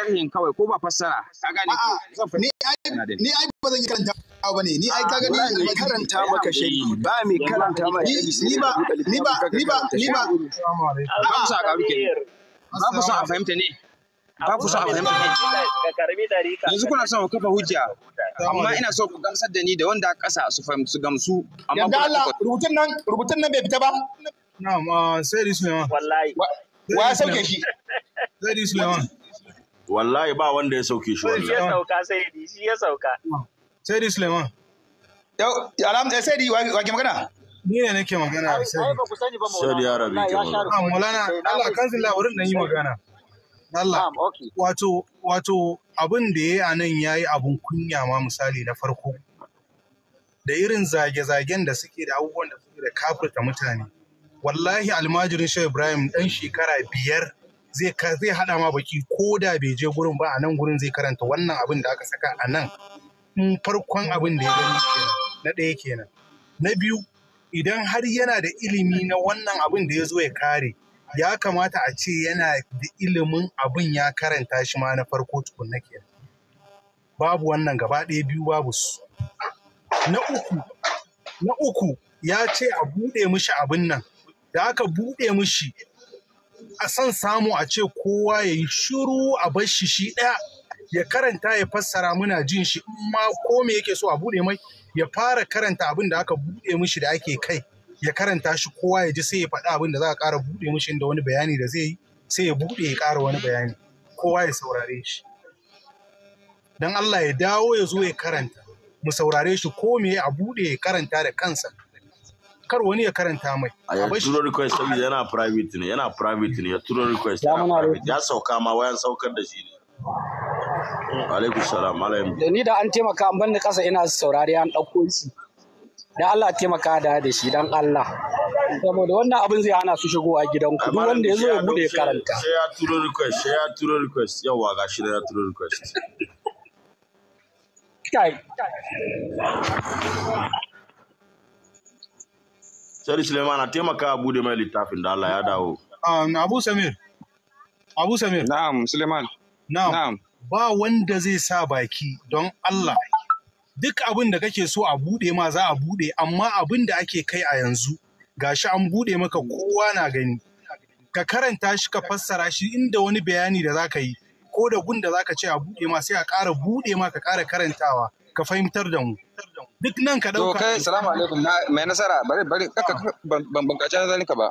sharhin kawai ko ba fassara ka gane ni ai ni ai ba zan yi karanta ba ne ni ai ka gani ba karanta maka sharhi ba mai karanta maka ni ba ni ba ni ba ni ba ba ku sa ka rike ba ku sa a fahimta ne ba ku sa a fahimta ne yanzu kuna son kafa hujja amma ina so ku gamsar da ni da wanda kasa su fahimci gamsu amma ku Allah rubutun nan rubutun nan bai fita ba na'am sai risu ne ma wallahi wa ya sauke shi sai risu ne ma wallahi ba wanda ya sauke shi wallahi shi ya sauka sai di shi ya sauka sai di Suleiman yau alam eh, sai di wa ke magana ni ne nake magana sai sai di arabi ke magana ah, mulana Allah kanzin labarin nan yi magana Allah wato wato abin da ya yi a nan ya yi abin kunya ma misali na farko da irin zage-zagen da suke da abubuwan da suke da kafirta mutane wallahi almajirin Shehu Ibrahim ɗan shekara biyar zai zai hada ma baki ko da bai je gurin ba a nan gurin zai karanta wannan abin da aka saka a nan in farkon abin da ya gani kenan na ɗaya kenan na biyu idan har yana da ilimi na wannan abin da ya zo ya kare ya kamata a ce yana da ilimin abin ya karanta shi ma na farko tukunna kenan babu wannan gaba ɗaya biyu babu su na uku na uku ya ce a buɗe mishi abin nan da aka buɗe mishi a san samu a ce kowa ya yi shiru a bar shi ɗaya ya karanta ya fassara muna jin shi ma ko me yake so a buɗe mai ya fara karanta abin da aka buɗe mishi da ake kai ya karanta shi kowa ya ji sai ya faɗi abin da za a ƙara buɗe mishi da wani bayani da zai yi sai ya buɗe ya ƙara wani bayani kowa ya saurare shi don Allah ya dawo ya zo ya karanta mu saurare shi ko me a buɗe ya karanta da kansa kar wani ya karanta mai a turo request saboda yana private ne yana private ne ya turo request ya sauka ma wayan saukar da shi ne alaikum salam alaykum da ni da an taimaka an banni kasa ina saurari an ɗauko shi da Allah taimaka da da shi dan Allah saboda wannan abin zai hana su shigowa gidanku duk wanda ya zo ya bude karanta sai ya turo request sai ya turo request yawa gashi da ya turo request kai Sari Suleiman na taimaka a bude mai littafin da Allah ya dawo. Ah, Abu Samir. Abu Samir. Na'am Suleiman. Na'am. Ba wanda zai sa baki don Allah. Duk abin da kake so a bude ma za a bude amma abin da ake kai a yanzu gashi an bude maka kowa na gani. Ka karanta shi ka fassara shi inda wani bayani da za ka yi ko da gun da za ka ce a bude ma sai a ƙara bude ma ka ƙara karantawa. ka fahimtar da mu duk nan ka dauka Dokai! salamu alaikum mai nasara bari bari kaka ban bankace zanika ba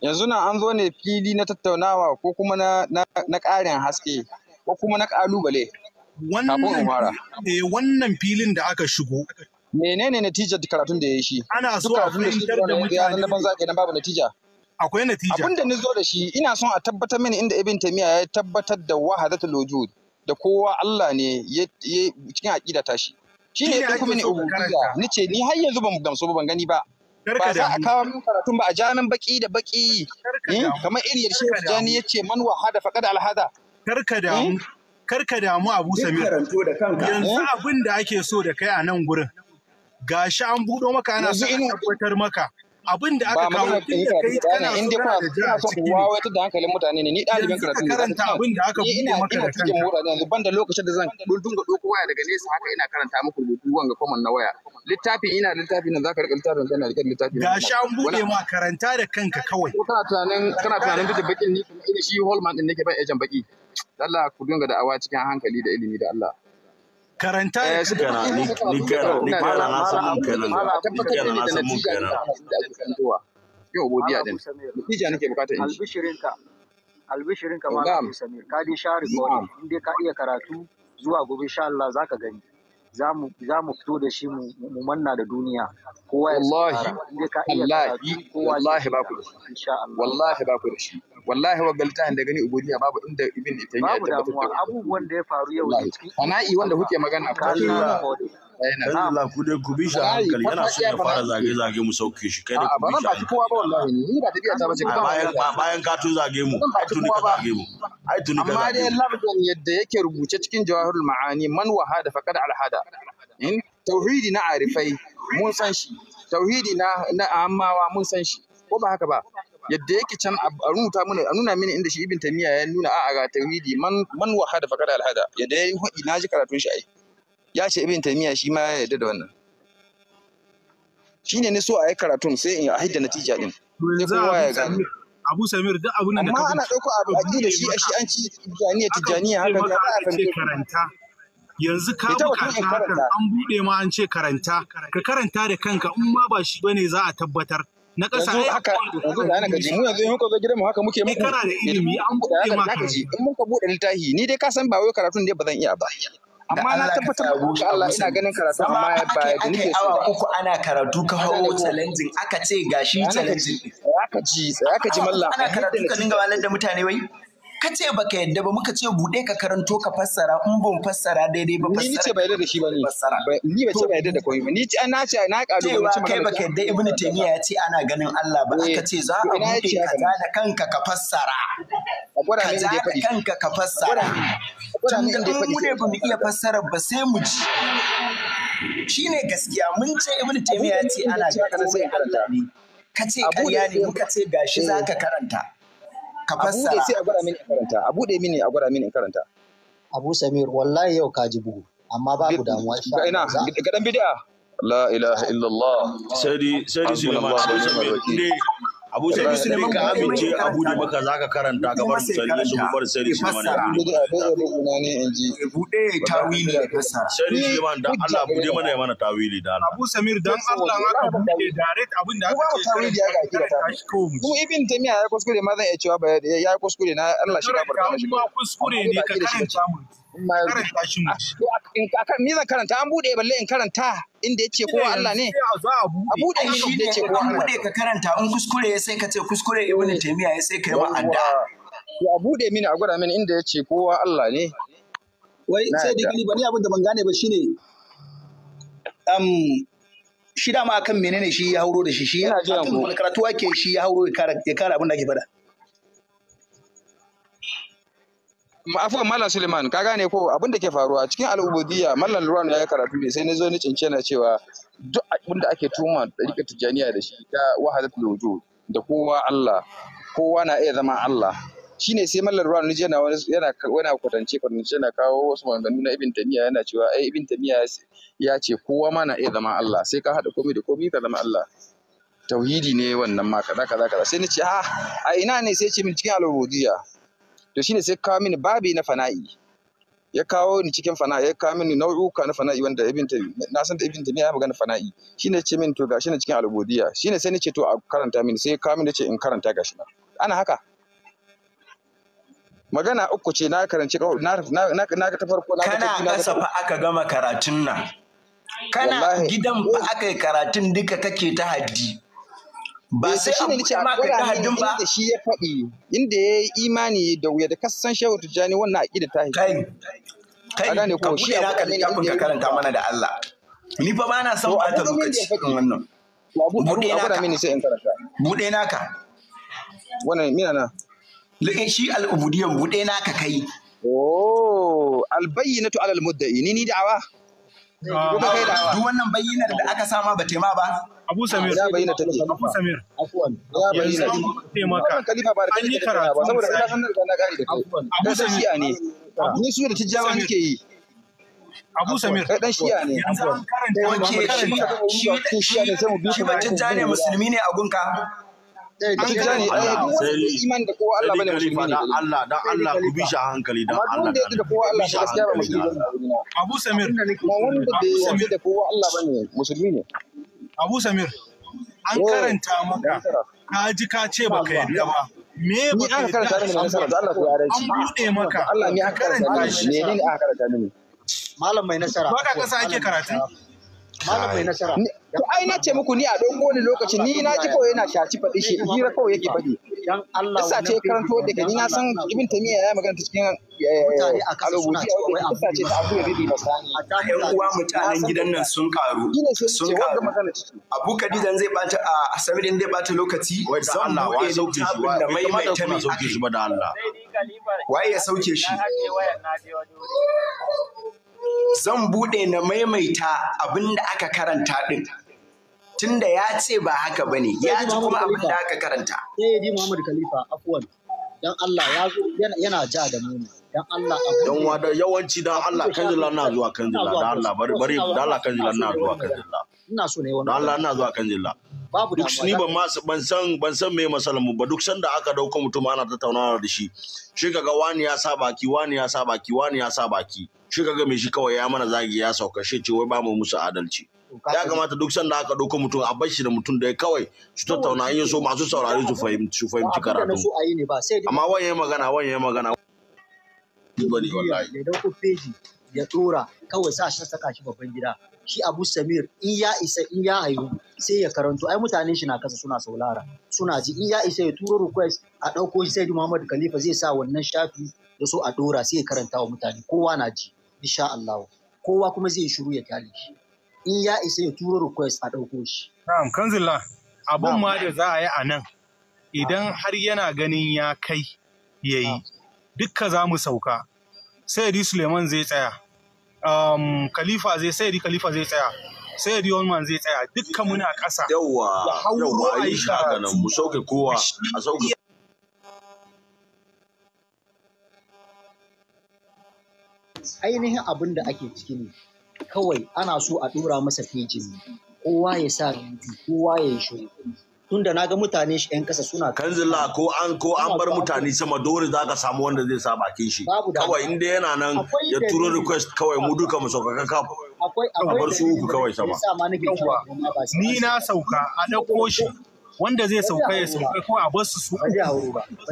yanzu na an zo ne fili na tattaunawa ko kuma na na ƙarin haske ko kuma na ƙalubale wannan eh wannan filin da aka shigo menene natijar karatun da ya yi shi ana so a fahimtar da mutane na banza na babu natija akwai natija Abin da ni zo da shi ina son a tabbatar mini inda ibn Taymiyyah ya tabbatar da wahadatul wujud da kowa Allah ne cikin aƙida ta shi Shi ne ya kuma ni ce ni har yanzu ban gamsu ba ban gani ba ba za a kawo min karatun ba a jamin baki da baki eh, kamar iriyar shi jani ce man wahada da alhada karka damu eh? karka damu Abu Samir yanzu eh? abin da ake so da kai a nan gurin gashi an buɗo maka ana a tabbatar maka abin da aka kawo tun da kai kana so kana da ja a ciki ne wawai da hankalin mutane ne ni ɗalibin karatu ne karanta abin da aka buɗe maka da cikin mota ne yanzu banda lokacin da zan dinga ɗauko waya daga nesa haka ina karanta muku rubutu wanga common na waya littafin ina littafin nan zaka rika littafin kana rika littafin ga sha an buɗe ma karanta da kanka kawai kana tunanin kana tunanin duk bakin ni shi Holman din nake ba ejan baki Allah ku dinga da'awa cikin hankali da ilimi da Allah karanta eh, ya su kana ni kana ni kana na san mun kana ni kana na san mun kana yau godiya din natija nake bukata in albishirinka albishirinka ka Samir ka dai sharri ko in dai ka iya karatu zuwa gobe insha Allah zaka gani za mu fito da shi mu manna da duniya kowa ya wallahi wallahi wallahi ba ku da shi wallahi ba ku da shi wallahi wa galtan da gani ubudiya babu inda ibin ita ya tabbatar da abubuwan da ya faru yau cikin ana'i wanda kuke magana ko Allah ku dai ku bi shi hankali yana so ya fara zage zage mu sauke shi kai da ku bi shi. kowa ba wallahi ni ba tafiya ta bace bayan bayan ka zage mu tuni ka zage mu. Ai tuni ka. Amma dai yadda yake rubuce cikin jawahirul ma'ani man wahada faqad alhada. In tauhidi na arifai mun san shi tauhidi na na ammawa mun san shi ko ba haka ba yadda yake can a a nuna mini inda shi ibn tamiya ya nuna a'a ga tauhidi man man wahada faqad alhada yadda yayi na ji karatun shi ai ya ce ibn taymiya shi ma ya yarda da wannan shine ne so a yi karatun sai in a haidda natija din ne kowa ya gane Abu Samir duk abun nan da ka ana dauko abu da shi a ci tijaniya tijaniya haka ga a ce karanta yanzu ka bukata karanta. an bude ma an ce karanta ka karanta da kanka in ma ba shi bane za a tabbatar na ƙasa yanzu haka yanzu da ana gaji mu yanzu in muka zo gidanmu haka muke muku kana da ilimi an buɗe ma kaji in muka buɗe littafi ni dai ka san ba wai karatun ne ba zan iya ba amma na tabbatar da Allah ina ganin karatu amma ya ba da nake so awa uku ana karatu ka hawo challenging aka ce gashi challenging aka ji aka ji mallam ana karatu ka dinga walar da mutane wai ka ce baka yadda ba muka ce bude ka karanto ka fassara in ban fassara daidai ba fassara ni ce ba yadda da shi ba ni ni ba ce ba yadda da koyi ba ni ce na ce na kalu ba ce kai baka yadda ibnu taymiya ya ce ana ganin Allah ba aka ce za a eh, bude ka da kanka ka fassara za da kanka ka fassara tun da mu ne ba mu iya fassara ba sai mu ji shi ne gaskiya mun ce ibnu taymiya ya ce ana ganin Allah ne ka ce ƙarya ne muka ce gashi za eh. ka karanta ka fassara sai a gwada mini karanta a bude mini a gwada mini karanta Abu Samir wallahi yau ka ji bugu amma babu damuwa insha Allah ga dan bid'a la ilaha illallah sai sai Suleiman sai abu sai bisu ne ka amince abu da maka zaka karanta gabar sari su gubar su ne mana bude tawili da kasa sai ne man dan Allah bude mana ya mana tawili da Allah Abu Samir dan Allah aka bude direct abin da aka tawili ya ga ku ibn Tamiya ya kuskure ma zan iya cewa ya kuskure na Allah shi gafarta mishi kuskure ne ka karanta mu karanta shi mu akan ni zan karanta an bude balle in karanta inda yake kowa Allah ne a bude shi da yake kowa Allah ne? ka karanta in kuskure ya sai ka ce kuskure taymiya ya sai ka yi wa'anda to a bude mini a gwada mini inda yake kowa Allah ne wai sai digili bari abin da ban gane ba shine um shi dama akan menene shi ya hauro da shi shi ya karatu ake shi ya hauro ya kare abin da ake faɗa afuwan Malam Suleiman ka gane ko abin da ke faruwa cikin al'ubudiyya Malam ruwan ya yi karatu ne sai na zo ni cince na cewa duk abin da ake tuma ɗariƙa tijjaniya da shi ta wahadatul lojo da kowa Allah kowa na iya zama Allah shine sai Malam ya na wani yana wani kwatance kwatance na kawo wasu maganganu na Ibn tamiya yana cewa ai Ibn tamiya ya ce kowa ma na iya zama Allah sai ka haɗa komai da komai ka zama Allah tauhidi ne wannan ma kaza kaza kaza sai ni ce ah, a ina ne sai ce min cikin al'ubudiyya to shine sai kawo mini babi na fana'i ya kawo ni cikin fana'i ya kawo mini nau'uka na fana'i wanda ibn na san da ibn taymiya ya magana fana'i shine ce min to gashi na cikin albodiya? shine sai nace to a karanta mini sai ya kawo mini ce in karanta gashi na ana haka magana uku ce na karanci na na na ta farko na kana kasa fa aka gama karatun nan kana gidan fa aka yi karatun duka kake ta haddi ba eh, sai a buɗe ma ga hadin ba da shi ya faɗi inda ya yi imani da wuya da kasan shehu tijani wannan aqida ta kai kai ka buɗe naka littafin ka karanta mana da Allah ni fa ba na son ɓata lokaci kan wannan buɗe naka buɗe naka wannan mina na lake shi al'ubudiyan buɗe naka kai oh albayyinatu alal mudda'i ni ni da'awa ah. duk wannan bayyanar da aka sama ba tema ba Ah, Abu Samir. Ya bayyana take. Abu Samir. Afwan. Ya bayyana take. maka. kalifa ba da kake karatu ba saboda ina san da na gari da kai. Abu Samir ne. Ni su da tijjawa nake yi. Abu Samir. Kai dan shi'a ne. Afwan. Oke shi shi ne sai mu bi shi ba tijjani musulmi ne a gunka. an gane iman da kowa Allah bane musulmi ne Allah dan Allah ku bi shi a hankali dan Allah wanda yake da kowa Allah gaskiya ba musulmi ne Abu Samir wanda yake da kowa Allah bane musulmi ne Abu Samir, an karanta maka, ka ji ka ce ba ka yadda ba. Me ba ka yarda an bude maka, Allah ne aka karanta mini. Malam mai nasara. Ba ka kasa ake karatu. malam mai nasara to ai na ce muku ni a ɗauko wani lokaci ni na ji kawai yana shaci faɗi shi hira kawai yake faɗi dan Allah kisa ce karanto da ni na san ibn tamiya ya magana cikin eh, mutane a kasa suna cewa wai abu ce ta abu ribi masani ƴan uwa mutanen gidan nan sun karu sun karu abu kadidan zai bata a asabirin zai bata lokaci zan buɗe littafin da mai mai tamiya waye ya sauke shi zan buɗe na maimaita abin da aka karanta ɗin. Tunda ya ce ba haka ba ne, ya ce kuma abin da aka karanta. Sai ya ji Muhammadu Khalifa, afuwan, don Allah yana ja da mu dan wada yawanci dan Allah kan kanjila na zuwa kan kanjila da Allah bari bari da Allah kan kanjila na zuwa kanjila. Ina so ne wannan. Da Allah na zuwa kanjila. Babu duk ni ban ma ban san ban san me masalan mu ba duk sanda aka dauka mutum ana tattaunawa da shi. Shi kaga wani ya sa baki wani ya sa baki wani ya sa baki. Shi kaga me shi kawai ya mana zagi ya sauka shi ce wai ba mu musu adalci. ya kamata duk sanda aka dauka mutum a bashi da mutum da kawai su tattauna in so masu saurari su fahimci karatu amma wayan magana wayan magana bane wallahi ya dauko ya ɗora kawai sa shi saka shi babban gida shi Abu Samir in ya isa in ya haihu sai ya karanto ai mutane shi na kasa suna saulara suna ji in ya isa ya turo request a dauko shi sai Muhammad Khalifa zai sa wannan shafi da so a dora sai ya karanta wa mutane kowa na ji insha Allah kowa kuma zai shiru ya kyale shi in ya isa ya turo request a dauko shi na'am kanzilla abun ma da za a yi a nan idan har yana ganin ya kai yayi dukka za mu sauka sai suleiman zai tsaya um, khalifa zai sai khalifa zai tsaya sai di zai tsaya dukka muna ƙasa yawa yawa ayi shaka nan mu sauke kowa a sauke ainihin abin da ake ciki ne kawai ana so a ɗora masa fejin kowa ya sa kowa ya yi shuru tunda na ga mutane shi 'yan kasa suna zilla ko an ko an bar mutane sama dole za ka samu wanda zai sa bakin shi kawai inda yana nan ya turo request kawai mu duka mu sauka kafa bar su uku kawai sama ni na sauka a ɗauko shi wanda zai sauka ya sauka ko a bar su su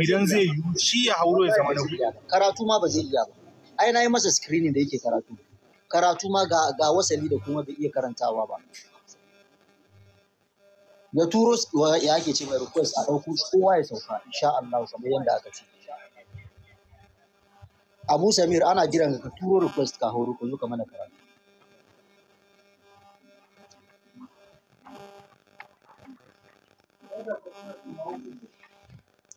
idan zai yi shi ya hauro ya zama na karatu ma ba zai iya ba ai na yi masa screening da yake karatu karatu ma ga wasali da kuma bai iya karantawa ba ya turo ya ke ce mai request a ɗauko kowa ya sauka insha Allah kamar yadda aka ce Abu Samir ana jiran ka turo request ka horo ko zuka mana karatu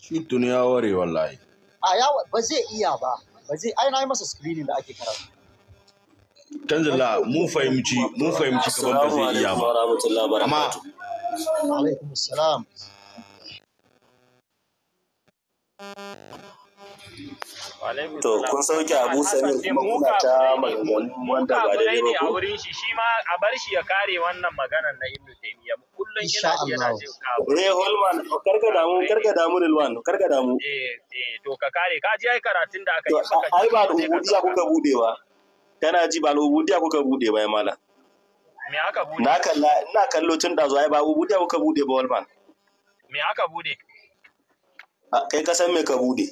shi duniya ware wallahi a yawa ba zai iya ba ba zai ai na yi masa screening da ake karatu tanzila mu fahimci mun fahimci kaban ba zai iya ba amma alaikum السلام To kun sauke Abu Samir kuma kuna ta maganganu wanda ba da ne a wurin shi shi ma a bar shi ya kare wannan maganar na Ibn Taymiya mu kullun yana yana jin kawo. Eh Holman karka damu karka damu Rilwan karka damu. Eh eh to ka kare ka ji ai karatun da aka yi saka. Ai ba da ubudiya kuka bude ba. Kana ji ba da ubudiya kuka bude ba ya malam. Me aka bude? Na kalla ina kallo tun da zuwa ba bude ka bude ba Walman. Me aka bude? Kai ka san me ka bude.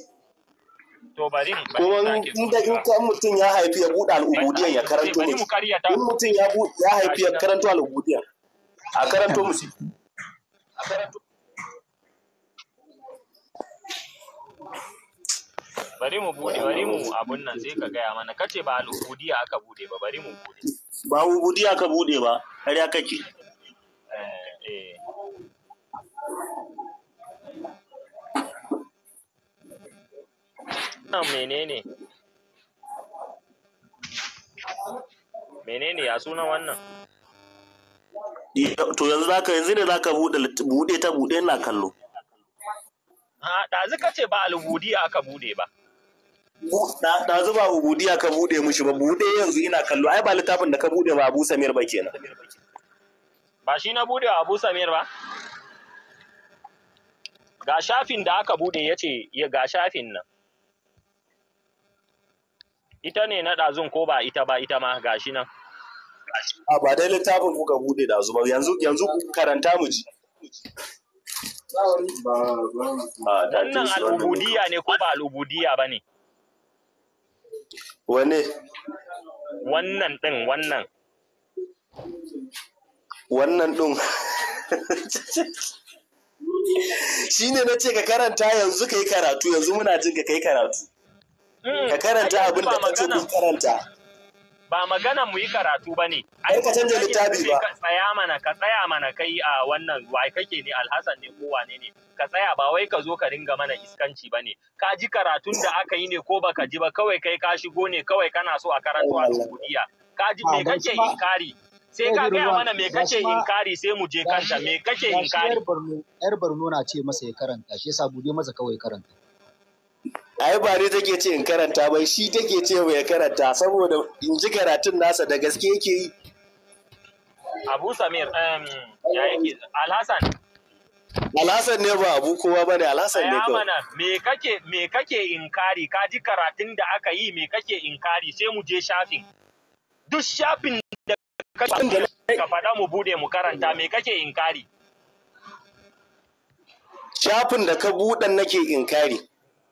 To bari ni bari in da in ka mutum ya haifi ya bude al'ubudiyar ya karanto ne. In mutum ya ya haifi ya karanto al'ubudiyar. A karanto musu. A karanto Bari mu bude, bari mu abun nan sai ka gaya mana, kace ba al'ubudiya aka bude ba, bari mu bude. ba ubudiya ka bude ba har ya kake menene menene ya suna wannan to yanzu zaka yanzu ne zaka bude bude ta bude na kallo a ah, ɗazu ce ba alhudi aka bude ba Na zuba ubudiya ka bude mushi ba bude yanzu ina kallo ai ba littafin da ka bude ba Abu Samir ba kenan ba shi na bude Abu Samir ba ga shafin da aka bude ya ya ga shafin nan ita ne na ɗazun ko ba ita ba ita ma gashi nan a ba dai littafin kuka bude da zuba yanzu yanzu karanta mu ji ah, wannan al'ubudiya ne ko ba al'ubudiya ba ne Wane? Wannan ɗin wannan. Wannan ɗin. Shi ne na ce ka karanta yanzu ka yi karatu yanzu muna jin ka kai karatu. Hmm, ka karanta abin da ka ce kun karanta. ba magana mu yi karatu ba ne. Ai ka canza littafi ba. Ka tsaya mana ka tsaya mana kai a wannan wai kake ne Alhassan ne ko wane ne ka tsaya ba wai ka zo ka ringa mana iskanci ba ne. Ka ji karatun da aka yi ne ko baka ji ba kawai kai ka shigo ne kawai kana so a karanta a Saudiya. Ka ji me ah, kake inkari? sai ka gaya mana me kace inkari sai mu je kanta me kace inkari yar barno yar barno na ce masa ya karanta shi yasa bude masa kawai karanta ai ba ni take ce in karanta bai shi take ce ya karanta saboda in ji karatun nasa da gaske yake yi abu samir um, ya yake alhassan alhassan ne ba abu kowa ba ne alhassan ne kawai me kake me kake inkari ka ji karatun da aka yi me kake inkari sai mu je shafin duk shafin da ka faɗa mu bude mu karanta me kake inkari shafin da ka buɗan nake inkari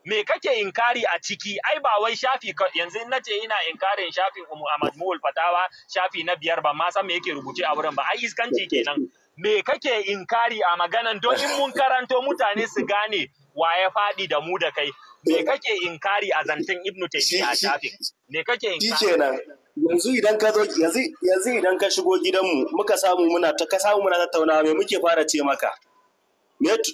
me kake inkari a ciki ai ba wai shafi yanzu in ce ina inkarin shafin Umu Ahmad Muul Fatawa shafi na biyar ba, ma san me yake rubuce a wurin ba ai iskanci kenan me kake inkari a maganan don in mun karanto mutane su gane wa ya faɗi da mu da kai me kake inkari a zantan Ibn taymi a shafin me kake inkari kenan yanzu idan ka zo yanzu yanzu idan ka shigo gidanmu muka samu muna ta ka samu muna tattaunawa me muke fara ce maka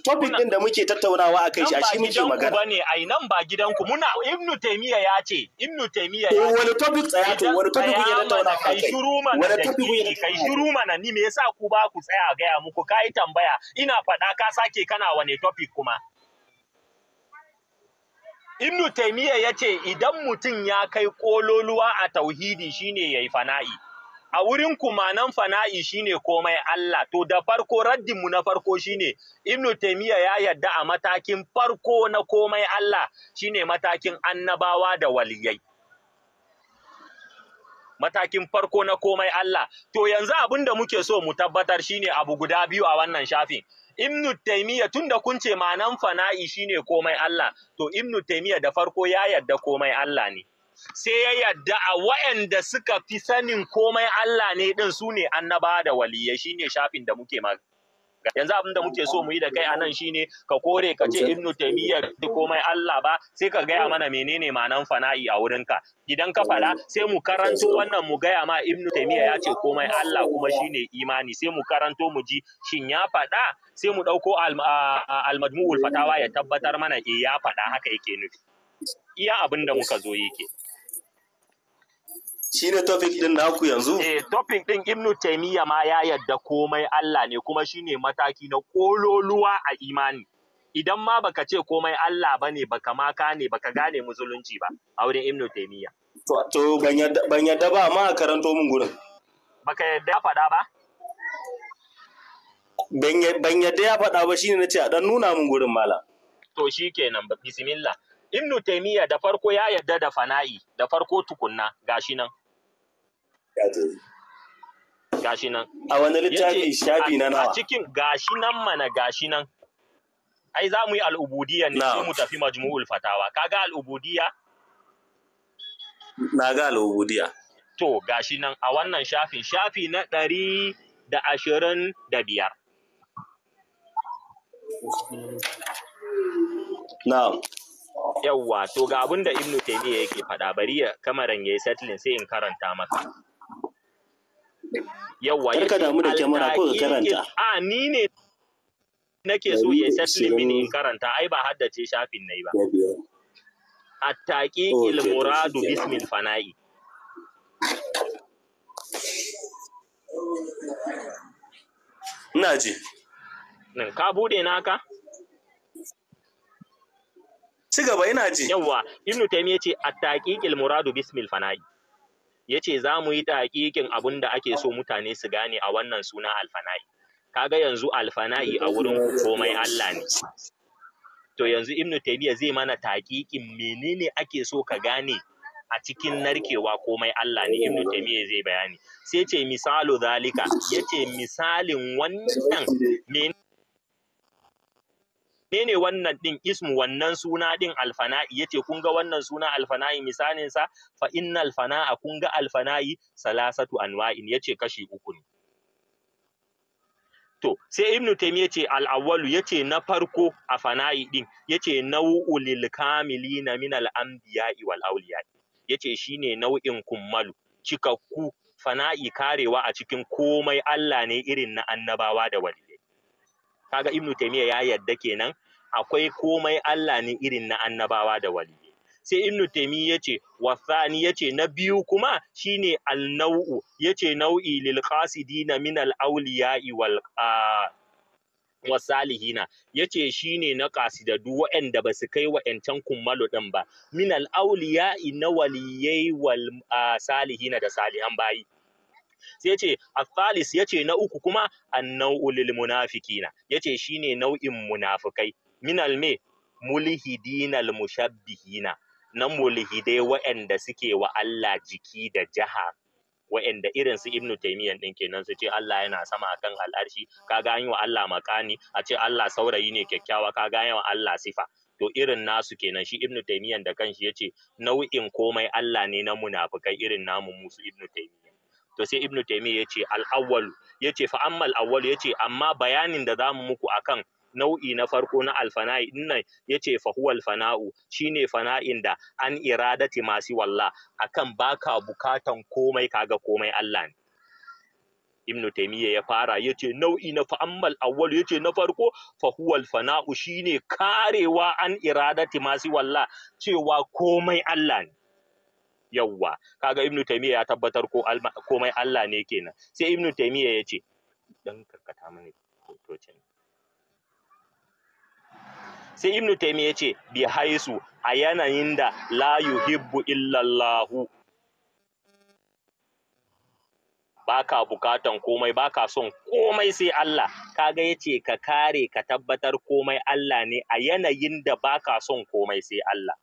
topic din da muke tattaunawa a kai shi a shi muke magana. Ba ne a nan ba gidanku muna Ibnu Taymiya ya ce Ibnu Taymiya ya eh, ce. Wani topic tsaya to wani topic kuke tattaunawa a kai. mana wani topic kuke kai shiru mana ni me yasa ku ba ku tsaya gaya muku kai tambaya ina faɗa ka sake kana wani topic kuma. Ibnu Taymiya ya ce idan mutum ya kai kololuwa a tauhidi shine yayi fana'i. a wurin ku manan fana'i shine komai Allah to da farko raddin mu na farko shine Ibn Taymiyyah ya yadda a matakin farko na komai Allah shine matakin annabawa da waliyai matakin farko na komai Allah to yanzu abin da muke so mu tabbatar shine abu guda biyu a wannan shafin Ibn Taymiyyah tunda kun ce manan fana'i shine komai Allah to Ibn Taymiyyah da farko ya yadda komai Allah ne sai ya yadda a waɗanda suka fi sanin komai Allah ne din su ne annaba da waliyai shine shafin da muke ma yanzu abin da muke so mu yi da kai anan shine ka kore ka ce ibnu taymiya da komai Allah ba sai ka gaya mana menene ma'anan fana'i a wurinka idan ka fada sai mu karanto wannan mu gaya ma ibnu taymiya ya ce komai Allah kuma shine imani sai mu karanto mu ji shin ya fada sai mu ɗauko al fatawa ya tabbatar mana e ya fada haka yake nufi iya abin da muka zo yake Shi ne topic ɗin naku yanzu? Eh, topic ɗin Ibnu Taimiyya ma ya yadda komai Allah ne kuma shi ne mataki na ƙololuwa a imani. Idan ma baka ce komai Allah ba ne baka maka ne baka gane musulunci ba a wurin Ibnu Taimiyya. To, ban yadda ba ma karanto mun gurin. Baka yadda ya faɗa ba? Ban yadda ya faɗa ba shi ne na ce a ɗan nuna mun gurin mala. To shi kenan, bismillah. Ibnu Taimiyya da farko ya yadda da fana'i, da farko tukunna gashi nan. kadiri gashi nan a wani littafi shafi na nawa a cikin gashi nan mana gashi nan ai za mu yi al'ubudiyya ne shi mu tafi majmu'ul fatawa kaga al'ubudiyya na ga al'ubudiyya to gashi nan a wannan shafin shafi na ɗari da ashirin da biyar yawwa to ga abin da ibnu taymiya yake faɗa bari ya kamaran yayi settling sai in karanta maka yawa ya damu da kyamara ko ka karanta a ni ne nake so ya sassin mini in karanta ai ba haddace shafin yi ba attaqi il muradu bismil fana'i ina ji nan ka bude naka ci gaba ina ji yawa ibnu taymiya ce attaqiqil muradu bismil fana'i ya ce za mu yi taƙiƙin abin da ake so mutane su gane a wannan suna alfana'i kaga yanzu alfana'i a wurin komai Allah ne to yanzu ibnu taymiya zai mana taƙiƙin menene ake so ka gane a cikin narkewa komai Allah ne ibnu taymiya zai bayani sai ce misalu zalika yace misalin wannan menene menene wannan din ismu wannan suna din alfana'i yace kun ga wannan suna alfana'i misalin sa fa innal fana'a kun ga alfana'i salasatu anwa'in yace kashi uku ne to sai ibnu taymi yace al-awwalu yace na farko a fana'i din yace nau'ul lil kamilina min al-anbiya'i wal awliya yace shine nau'in kummalu cikakku fana'i karewa a cikin komai Allah ne irin na annabawa da wali kaga Ibn Taymiyyah ya yarda kenan akwai komai Allah ne irin na annabawa da wali sai ibnu taymi yace wa thani yace na biyu kuma shine al nau'u yace nau'i lil qasidina min al awliya'i wal wasalihina yace shine na kasidadu waɗanda ba su kai wa'ancan kummalo ɗin ba min al awliya'i na waliyai wal salihina da salihan bayi sai yace athalis yace na uku kuma annau'u lil munafiqina yace shine nau'in munafikai minal me mulhidinal mushabbihina na mulhidai waɗanda suke wa Allah jiki da jaha wa'anda irin su Ibn Taymiyyah din kenan su ce Allah yana sama akan al'arshi kaga an wa Allah makani a ce Allah saurayi ne kyakkyawa kaga an wa Allah sifa to irin nasu kenan shi ibnu Taymiyyah da kanshi yace nau'in komai Allah ne na munafikai irin namu musu ibnu Taymiyyah to sai ibnu taymiya yace al awwal yace fa amma al awwal yace amma bayanin da zamu muku akan nau'i na farko na alfana'i dinnan yace fa huwa fana'u shine fana'in da an iradati masu walla akan baka bukatan komai kaga komai Allah ne ibnu taymiya ya fara yace nau'i na fa'ammal awwal yace na farko fahuwal fana'u shine karewa an iradati masu walla cewa komai Allah ne yawwa kaga ibnu taymiya ya tabbatar ko komai Allah ne kenan sai ibnu taymiya ya ce dan karkata mini hotocin sai ibnu taymiya ya ce bi haisu a yanayin da la yuhibbu illallahu baka bukatan komai baka son komai sai Allah kaga yace ka kare ka tabbatar komai Allah ne a yanayin da baka son komai sai Allah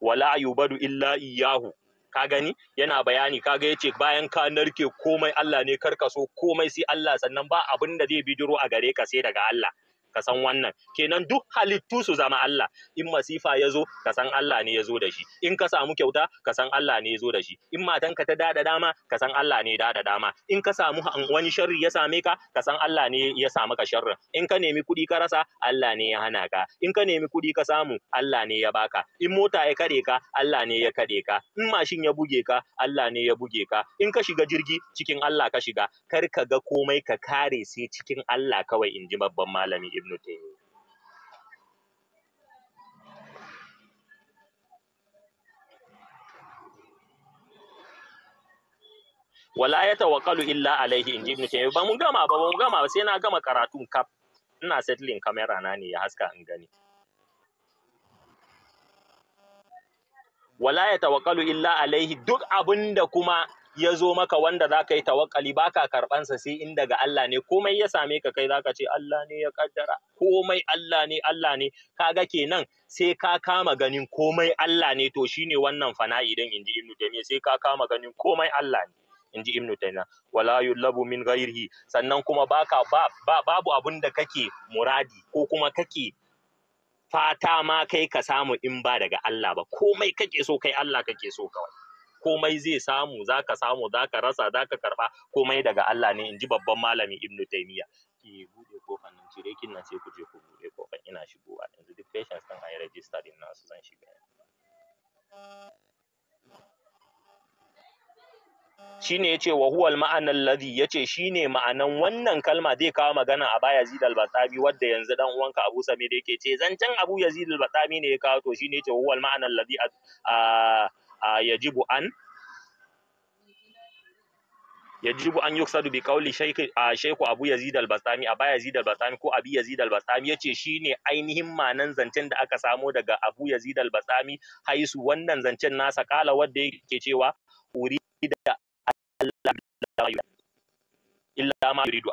wala yubadu illa iyahu ka gani yana bayani kaga yace bayan ka narke komai Allah ne karka so komai sai Allah sannan ba abin da zai bidiro a gare ka sai daga Allah ka san wannan kenan duk halittu su zama Allah in masifa ya zo ka san Allah ne ya zo da shi in ka samu kyauta ka san Allah ne ya zo da shi in matanka ta dada dama ka san Allah ne ya dada dama in ka samu wani sharri ya same ka ka san Allah ne ya samu ka sharrin in ka nemi kuɗi ka rasa Allah ne ya hana ka in ka nemi kuɗi ka samu Allah ne ya baka in mota ya kade ka Allah ne ya kade ka in mashin ya buge ka Allah ne ya buge ka in ka shiga jirgi cikin Allah ka shiga kar ka ga komai ka kare sai cikin Allah kawai in ji babban malami Ibn wala ya tawakkalu illa alaihi inji ibnu taymiya ba mun gama ba mun gama ba sai na gama karatun kaf ina settling kamera na ne ya haska in gani wala ya tawakkalu illa alaihi duk abinda kuma ya zo maka wanda za ka yi tawakali ba ka karɓansa sai in daga Allah ne komai ya same ka kai za ka ce Allah ne ya kaddara komai Allah ne Allah ne ka kaga kenan sai ka kama ganin komai Allah ne to shine wannan fana'i dan inji Ibn Taymiyyah sai ka kama ganin komai Allah ne inji Ibn Taymiyyah wala yulabu min ghairihi sannan kuma baka ba, babu abun da kake muradi ko kuma kake fata ma kai ka samu in ba daga Allah ba komai kake so kai Allah kake so kawai komai zai samu zaka samu zaka rasa zaka karba komai daga Allah ne inji babban malami Ibn Taymiyyah ki bude kofar nan cire nan sai ku je ku bude kofar ina shigowa yanzu duk patients kan ayi register din nasu zan shiga shine yace wa huwal ma'anan ladhi yace shine ma'anan wannan kalma zai kawo magana a baya Yazid al batami wanda yanzu dan uwanka Abu Sami da yake ce zancen Abu Yazid al batami ne ya kawo to shine yace wa huwal ma'anan ladhi a yajibu an an yuksadu bi qawli shaykhu abu yazid al basami aba yazid al basami ko abi yazid al-bastami yace shine ainihin manan zancen da aka samo daga abu yazid al basami haisu wannan zancen nasa kala wanda yake cewa urida illa ma yuridu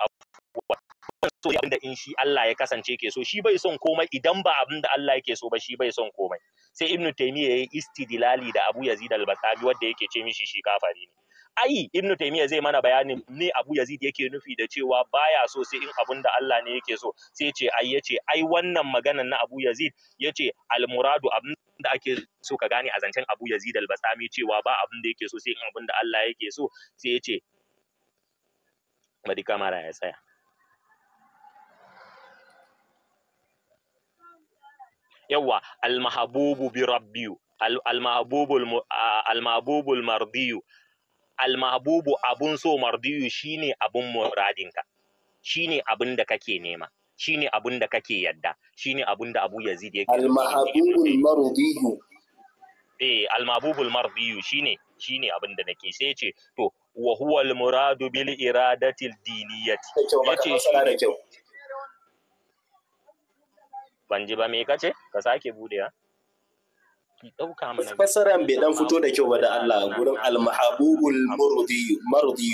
so ya da in shi Allah ya kasance ke so shi bai son komai idan ba abin da Allah yake so ba shi bai son komai sai ibnu taymiya yayi istidlali da abu yazid al-batabi wanda yake ce mishi shi kafari ne ai ibnu taymiya zai mana bayanin ne abu yazid yake nufi da cewa baya so sai in abun da Allah ne yake so sai ce ai yace ai wannan maganan na abu yazid yace al-muradu abin da ake so ka gane a zancen abu yazid al-basami cewa ba abin da yake so sai in abin da Allah yake so sai yace bari kamara ya tsaya yawa almahabubu bi rabbiyu almahabubu mardiyu almahabubu abun so mardiyu shine abun muradinka shine abun da kake nema shine abun da kake yadda shine abun da Abu Yazid yake almahabubu mardiyu eh almahabubu mardiyu shine shine abin da nake sai ce to wa huwa almuradu bil iradati diniyyati yace ban ji ba me kace ka sake budewa ki dauka mana fasaran bai dan fito da kyau ba da Allah gurin al-mahabubul murdi mardi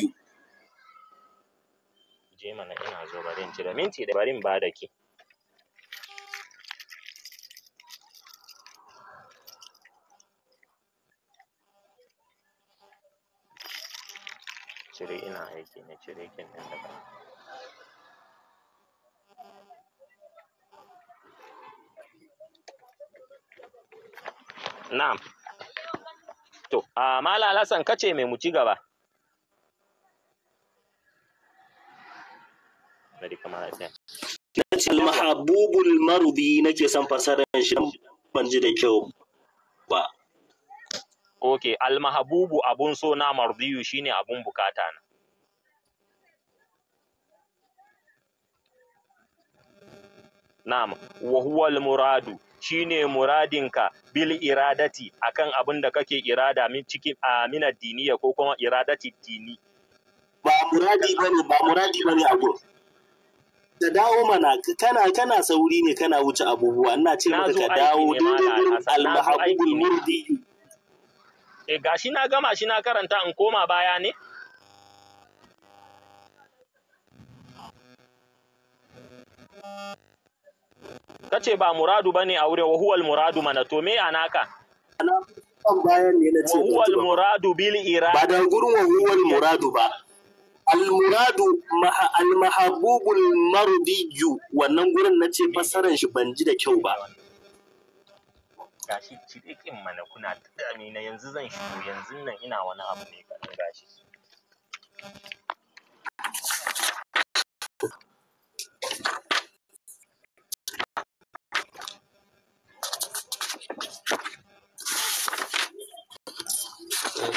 je mana ina zo bari ci da minti da barin ba da ki cire ina aiki ne cire kin da da na'am to a mala lasan kace mai mu ci gaba bari kamar sai nace mahabubul marudi nake son fasaran shi ban ji da kyau ba Ok, almahabubu abun so na shi shine abun bukata na. Na'am, wa huwa al-muradu shine muradinka bil iradati akan abin da kake irada min cikin amina diniya ko kuma iradati dini ba muradi bane ba muradi bane abu da dawo mana kana kana sauri ne kana wuce abubuwa ina ce maka ka dawo daidai al-mahbubul murdi eh gashi na gama shi na karanta in koma baya ne Thank you. kace ba muradu bane a wurin wahuwal muradu mana to me anaka kan bayan ne na ce muradu bil irad ba da gurin wahuwal muradu ba al muradu al mahabubul Marudiyu wannan gurin na ce shi ban ji da kyau ba gashi cikin mana kuna tada na yanzu zan shigo yanzu nan ina wani abu ne kaɗan gashi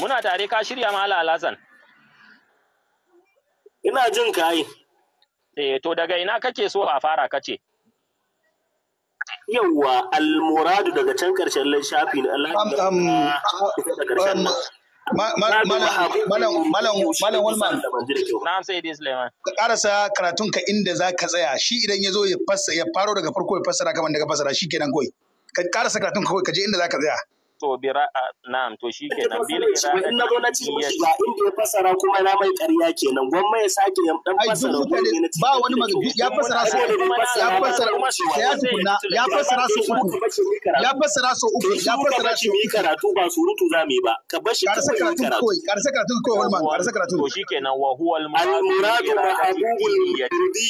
Muna tare ka shirya Malam Alhassan. Ina jin ka Eh to daga ina kake so a fara kace? Yawwa almuradu daga can karshen shafi na Allah. Malam Suleiman. Ka karasa karatun ka inda za ka tsaya shi idan ya zo ya faro daga farko ya fassara kamar daga fassara shi kenan kawai. Ka karasa karatun ka kawai ka je inda za ka tsaya. to bira na'am to shi ke nan bil ira na zo na ci ba inda ya fasara kuma na mai ƙarya kenan gwamma ya sake ya dan fasara na ba wani magana ya fasara su ya fasara ya tukuna ya fasara su uku ya fasara su uku ya fasara su uku karatu ba surutu za mu yi ba ka bashi karatu koi karsa karatu koi wani karatu to shi ke nan wa huwal muradu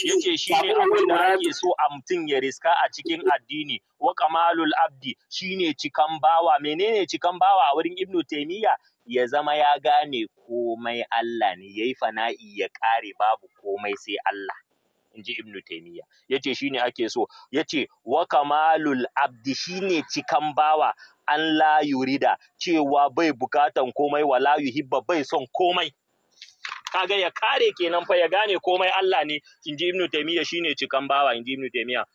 yace shi ne abin da ake so a mutum ya riska a cikin addini wa kamalul abdi shine cikan bawa menene cikan bawa a wurin ibnu taymiya ya zama ya gane komai Allah ne yayi fana'i ya kare babu komai sai Allah inji ibnu taymiya yace shine ake so yace wa kamalul abdi shine cikan bawa an la yurida cewa bai bukatan komai wala yuhibba bai son komai kaga ya kare kenan fa ya gane komai Allah ne inji ibnu taymiya shine cikan bawa inji ibnu taymiya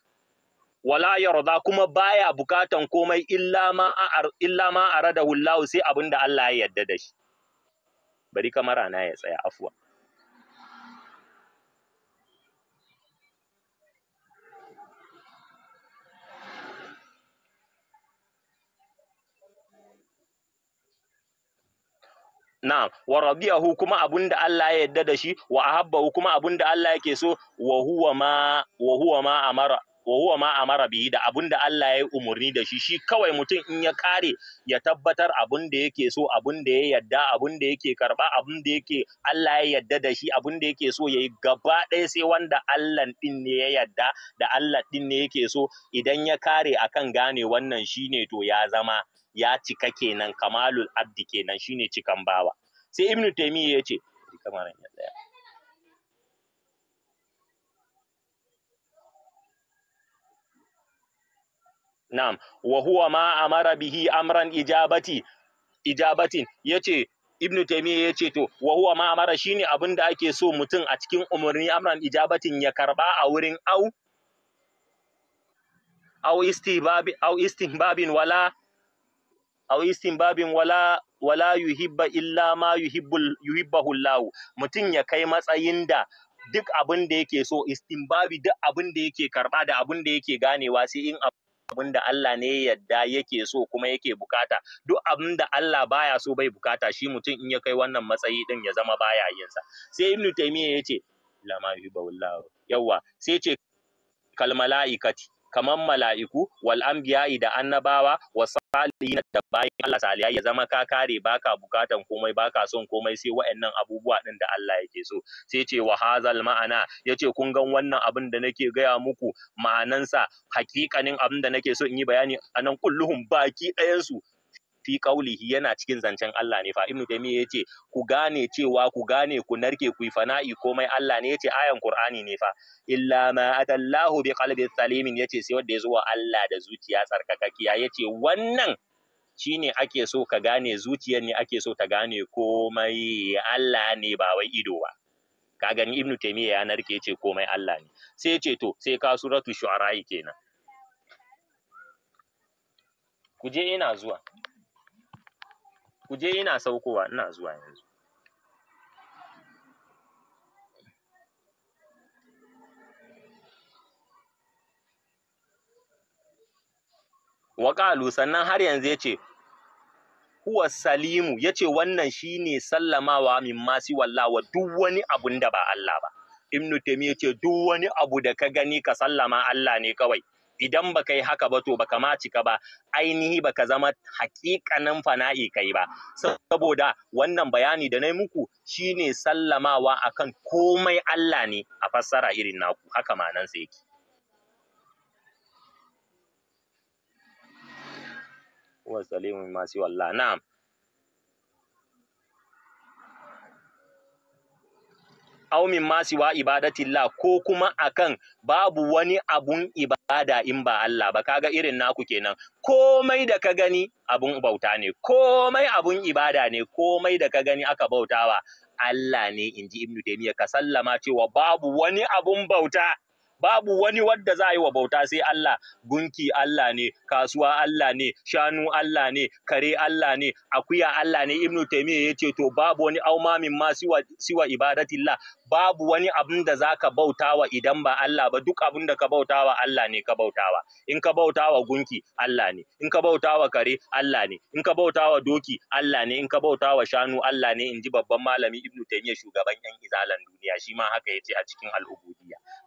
wala yarda kuma baya bukatan komai illa ma illa ma aradahu Allah sai abinda Allah ya yarda da shi bari kamara na ya tsaya afwa Na wa rabiyahu kuma abun da Allah ya yarda da shi, wa ahabbahu kuma abun da Allah yake so, wa huwa ma wa huwa ma amara wa huwa ma amara bihi da abun da Allah ya yi umurni da shi shi kawai mutum in ya kare ya tabbatar abun da yake so abun da ya yadda abun da yake karba abun da yake Allah ya yadda da shi abun da yake so yayi gaba ɗaya sai wanda Allah din ne ya yadda da Allah din ne yake so idan ya kare akan gane wannan shine to ya zama ya cika kenan kamalul abdi kenan shine cikan bawa sai ibnu taymiya yace kamar ya na'am wa huwa ma amara bihi amran ijabati ijabatin yace ibn ya yace to wa huwa ma amara shine abin da ake so mutum a cikin umarni amran ijabatin ya karba a wurin au au istibabi au wala au istinbabin wala wala yuhibba illa ma yuhibbul yuhibbahu Allah mutum ya kai matsayin da duk abin da yake so babi duk abin da yake karba da abin da yake ganewa sai in abin da Allah ne ya yadda yake so kuma yake bukata duk abin da Allah baya so bai bukata shi mutum in ya kai wannan matsayi din ya zama baya yin sa sai ibnu taymiya yace la ma yuhibbu Allah yawa sai ce kal malaikati kamar mala'iku wal anbiya'i da annabawa wa salihin da bayin Allah salihai ya zama ka kare baka bukatan komai baka son komai sai wa'annan abubuwa din da Allah yake so sai ce wa hazal ma'ana yace kun gan wannan abin da nake gaya muku ma'anansa hakikanin abin da nake so in yi bayani anan kulluhum baki ɗayan su fi kaulihi yana cikin zancen Allah ne fa ibnu ya yace ku gane cewa ku gane ku narke ku fana'i komai Allah ne yace ayan qur'ani ne fa illa ma atallahu bi qalbi salimin yace sai wanda ya zo Allah da zuciya tsarkakakkiya yace wannan shi ne ake so ka gane zuciyar ne ake so ta gane komai Allah ne ba wai ido ba ka gani ibnu taymiya ya narke ce komai Allah ne sai ce to sai ka suratu shu'ara kenan ku je ina zuwa Kuje je ina saukowa ina zuwa yanzu waƙalu sannan har yanzu ya ce huwa salimu ya ce wannan shi ne sallamawa min walla wallawa duk wani abun da ba Allah ba ibnu taimi ya ce duk wani abu da ka gani ka sallama Allah ne kawai idan baka yi haka ba to baka ma cika ba ainihi baka zama hakikanin fana'i kai ba saboda wannan bayani da na yi muku shine sallamawa akan komai Allah ne a fassara irin naku haka manan yake wa salimu ma wallah na'am Haumin min ma siwa ibadatillah ko kuma akan babu wani abun ibada in ba Allah ba kaga irin naku kenan komai da ka gani abun bauta ne komai abun ibada ne komai da ka gani aka bautawa Allah ne inji Ibn Taymiyyah ka sallama cewa babu wani abun bauta babu wani wadda za a yi wa bauta sai Allah gunki Allah ne kasuwa Allah ne shanu Allah ne kare Allah ne akuya Allah ne ibnu ya ce to babu wani auma min ma siwa siwa ibadatillah babu wani abin da zaka bautawa idan ba Allah ba duk abin da ka bautawa Allah ne ka bautawa in ka bautawa gunki Allah ne in ka bautawa kare Allah ne in ka bautawa doki Allah ne in ka bautawa shanu Allah ne in ji babban malami Ibn Taymiyyah shugaban yan izalan duniya shi ma haka yace a cikin al'ubudiyya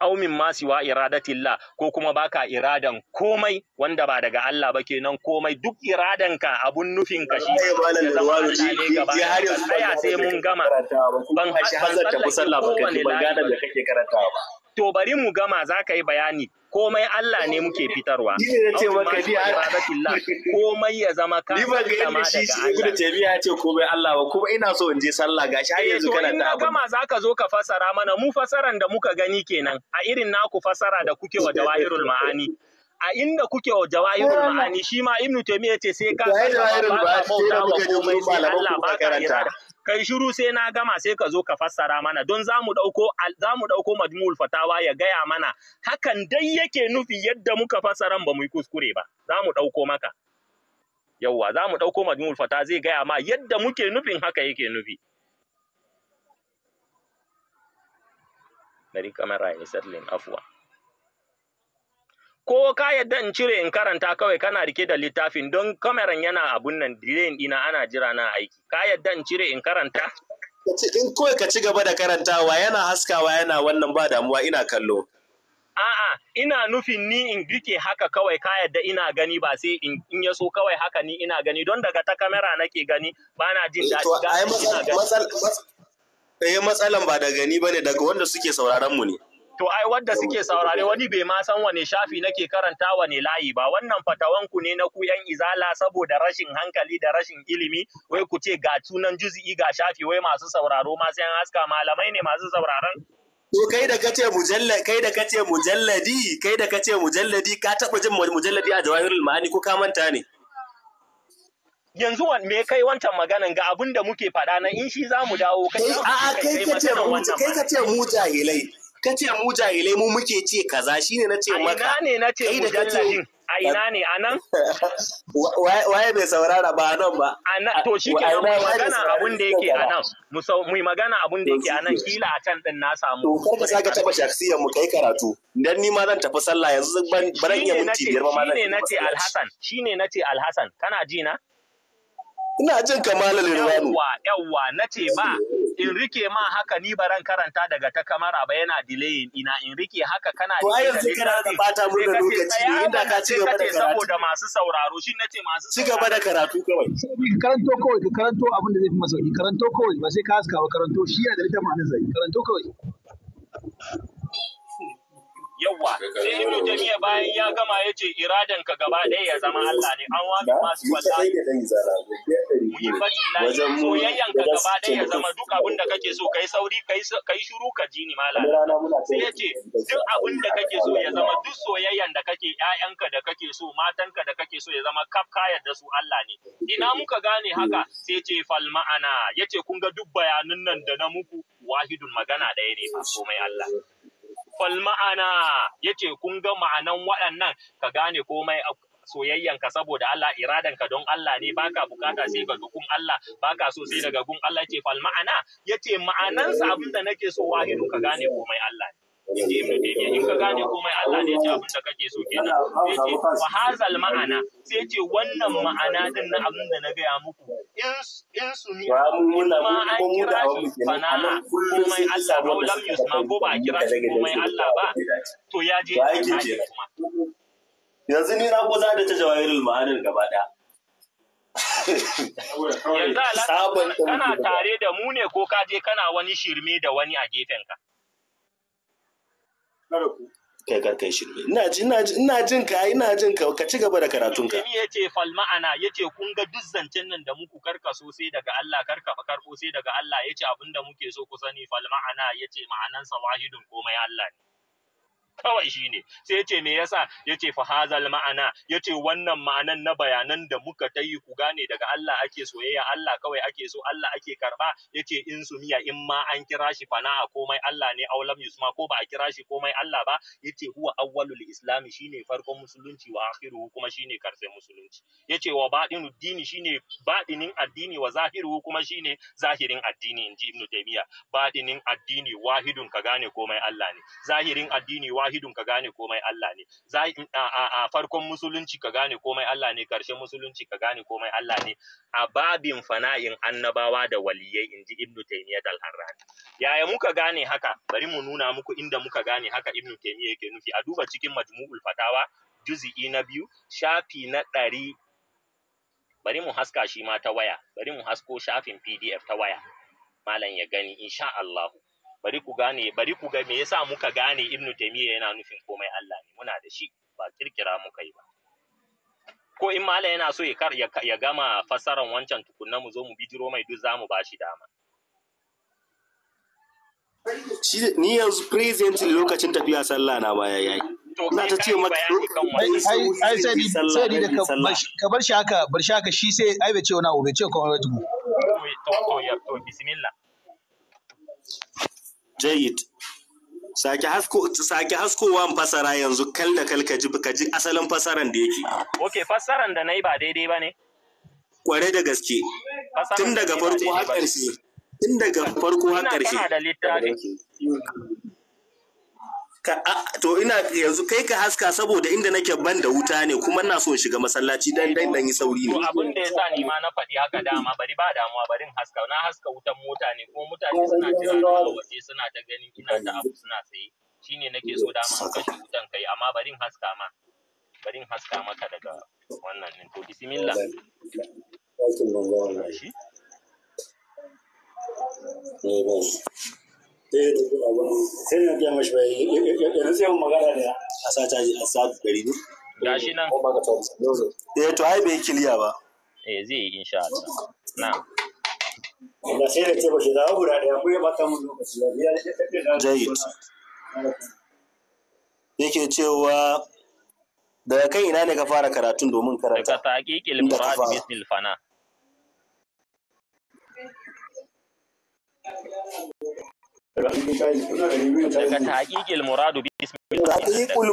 aumin min wa tilla, iradatillah ko kuma baka iradan komai wanda ba daga Allah ba kenan komai duk iradanka abun nufin ka shi ya har yanzu sai mun gama ban hasar ta kusan labarin ban gane da kake karanta ba to bari mu gama za ka yi bayani komai Allah ne muke fitarwa. Ni ne ce maka ni komai ya zama ka zama daga Allah. Ni ba shi shi Ibn Taymiyyah ce komai Allah ba kuma ina so in je sallah gashi har eh, yanzu kana da abu. za ka zo ka fasara mana mu fasaran da muka gani kenan a irin naku fasara da kuke wa Jawahirul Ma'ani. a inda kuke wa jawahirul ma'ani shi ma ibnu taymiya ce sai ka ba ka bauta wa komai sai Allah ba ka yarda kai shiru sai na gama sai ka zo ka fassara mana don za mu ɗauko za mu ɗauko majmu'ul fatawa ya gaya mana hakan dai yake nufi yadda muka fassara ba mu yi kuskure ba za mu ɗauko maka yawwa za mu ɗauko majmu'ul fata zai gaya ma yadda muke nufin haka yake nufi bari kamera ini settling afuwa ko ka yadda in cire in karanta kawai kana rike da littafin don kameran yana abun nan delay ina ana jira na aiki ka yadda in cire in karanta in kawai ka ci gaba da karantawa yana haskawa yana wannan ba damuwa ina kallo a'a ina nufin ni in rike haka kawai ka yadda ina gani ba sai in in ya so kawai haka ni ina gani don daga ta kamera nake gani ba na jin daɗi ga ina gani eh matsalan ba da gani bane daga wanda suke sauraron mu ne to ai wanda suke saurare wani bai ma san wane shafi nake karanta wane layi ba wannan fatawanku ne na ku yan izala saboda rashin hankali da rashin ilimi wai ku ce ga tunan juzi'i ga shafi wai masu sauraro ma sai an haska malamai ne masu sauraron To kai da kace mujalla kai da kace mujalladi kai da kace mujalladi ka taba jin mujalladi a jawahirul ma'ani ko ka manta ne yanzu me kai wancan maganan ga abin da muke faɗa na in shi za mu dawo kai a kai kace mu kai kace mu jahilai ka ce mu jahilai mu muke ce kaza shine na ce maka ne na ce a ina ne a nan? Waye bai saurara ba a nan ba. To shi ke mu magana abun da yake a nan. Mu yi magana abun da yake a nan kila a can din na samu. To kar ka saka taba shaksiyar mu kai karatu. Dan ni ma zan tafi sallah yanzu ban ban iya minti biyar ba ma zan. Shine nace Alhassan, shine nace Alhassan, kana ji na? Ina jin kamalar Rilwanu. Yawwa, yawwa, na ce ba, in rike ma haka ni baran karanta daga ta kamara ba yana delaying ina in rike haka kana da kai yanzu kana da bata mun da lokaci ne inda ka ci gaba da karatu saboda masu sauraro shi na ce masu ci gaba da karatu kawai karanto kawai karanto abin da zai fi masauki karanto kawai ba sai ka haska ba karanto shi yana da littafin zai karanto kawai yawa sai ibnu jamiya bayan ya gama ya ce iradan ka gaba ɗaya ya zama Allah ne an wani masu wata muhimmancin na soyayyan ka gaba ɗaya ya zama duk abin da kake so kai sauri kai shiru ka ji ni mala sai ya ce duk abin da kake so ya zama duk soyayyan da kake ƴaƴanka da kake so matanka da kake so ya zama kaf ka yarda su Allah ne ina muka gane haka sai ya ce fal ma'ana ya ce kun ga duk bayanan nan da na muku wahidun magana ɗaya ne ba komai Allah kwal ma'ana ce kun ga ma'anan waɗannan ka gane komai soyayyanka saboda Allah iradanka don Allah ne baka bukata sai daga gun Allah baka so sai daga gun Allah ce fal ma'ana yace ma'anansa abinda nake so wahidu ka gane komai Allah ne ka ne ya abin da kake so kenan sai ce wa hazal ma'ana sai ce wannan ma'ana din na abin da na gaya muku in su ni an kira shi fana'a komai Allah ba lam yusma ko ba a kira shi komai Allah ba yanzu ni na goza da ta jawahirul ma'anin gaba daya yanzu kana tare da mu ne ko ka je kana wani shirme da wani a gefenka ku. kai kar kai shi ina ji ina ji ina jin ka ina jin ka ka ci gaba da karatun ka ni yace fal ma'ana yace kun ga duk zancen nan da muku karka so sai daga Allah karka ba karko sai daga Allah yace abinda muke so ku sani fal ma'ana yace ma'anan sa wahidun komai Allah ne kawai shine sai ce me yasa yace fa hazal ma'ana yace wannan ma'anan na bayanan da muka ta yi ku gane daga Allah ake soyayya Allah kawai ake so Allah ake karba yace in su miya in ma an kira shi fana a komai Allah ne aulam yusma ko ba a kira shi komai Allah ba yace huwa awwalul islami shine farkon musulunci wa akhiruhu kuma shine karshen musulunci yace wa badinu dini shine badinin addini wa zahiruhu kuma shine zahirin addini inji ibnu taymiya badinin addini wahidun ka gane komai Allah ne zahirin addini wahidun wahidun ka gane komai Allah ne a farkon musulunci ka gane komai Allah ne karshen musulunci ka gane komai Allah ne a babin fana'in annabawa da waliyai inji ibnu taymiyyah al-harrani yaya muka gane haka bari mu nuna muku inda muka gane haka Ibn taymiyyah yake nufi a duba cikin majmu'ul fatawa juzi'i na biyu shafi na ɗari bari mu haska shi ma ta waya bari mu hasko shafin pdf ta waya malam ya gani insha Allahu bari ku gane bari ku ga me yasa muka gane ibnu taymiya yana nufin komai Allah ne muna da shi ba kirkira muka yi ba ko in mala yana so ya kar ya gama fasaran wancan tukunna mu zo mu bijiro mai duk zamu bashi dama ni yanzu presently lokacin tafiya sallah na baya yayi na ta ce maka ai sai sai ka bar shi haka bar shi haka shi sai ai bai ce wani abu bai ce komai to to ya to bismillah jayid sake hasko sake haskowa fasara yanzu kal da kal kaji kaji asalin fasaran da yake okay fasaran da nayi ba daidai bane kware da gaske tun daga farko har ƙarshe tun daga farko har ƙarshe ka to ina yanzu kai ka haska saboda inda nake ban da wuta ne kuma ina so shiga masallaci dan dan dan yi sauri ne abin da yasa ni ma na faɗi haka dama bari ba damuwa bari in haska na haska wutan mota ne ko mutane suna jira waje suna ta ganin ina da abu suna tsaye shine nake so dama in kashe wutan kai amma bari in haska ma bari in haska maka daga wannan din to bismillah Eh, sai eh, eh, to ai bai kiliya ba eh zai yi insha Allah na da sai da ce shi kuma ya mun lokaci ya yake cewa daga kai ina ne ka fara karatun domin karanta daga taqiqil murad bismil fana daga taƙiƙil muradu bismil taƙiƙil fana ba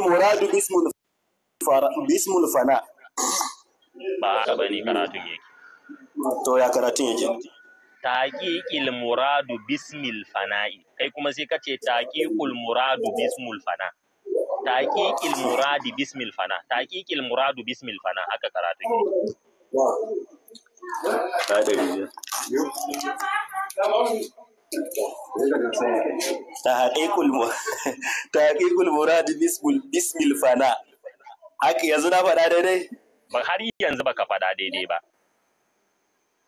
muradu bismil fana'i kuma sai kace taƙiƙul muradu bismil fana taƙiƙil muradi bismil muradu bismil fana haka karatun yake Ta tahaqiqul murad bismil fana haka yanzu na faɗa daidai ba har yanzu baka faɗa daidai ba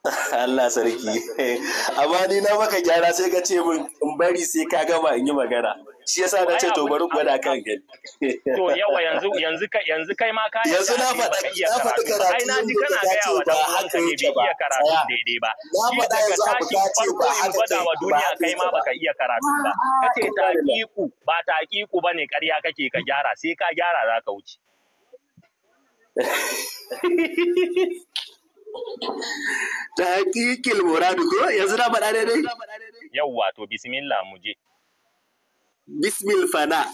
Allah sarki amma ni na maka gyara sai ka ce min in bari sai ka gama in yi magana shi yasa na ce to bari gwada kan gani to yawa yanzu yanzu kai yanzu kai ma ka yanzu na faɗa na faɗa karatu ai na ji kana ga yawa da haka ne bai iya karatu daidai ba shi daga tashi farko in gwada wa duniya kai ma baka iya karatu ba kace taqiqu ba taqiqu bane ƙarya kake ka gyara sai ka gyara za ka wuce ta haƙiƙil muradu ko yanzu na faɗa daidai yawwa to bismillah mu je bismil fana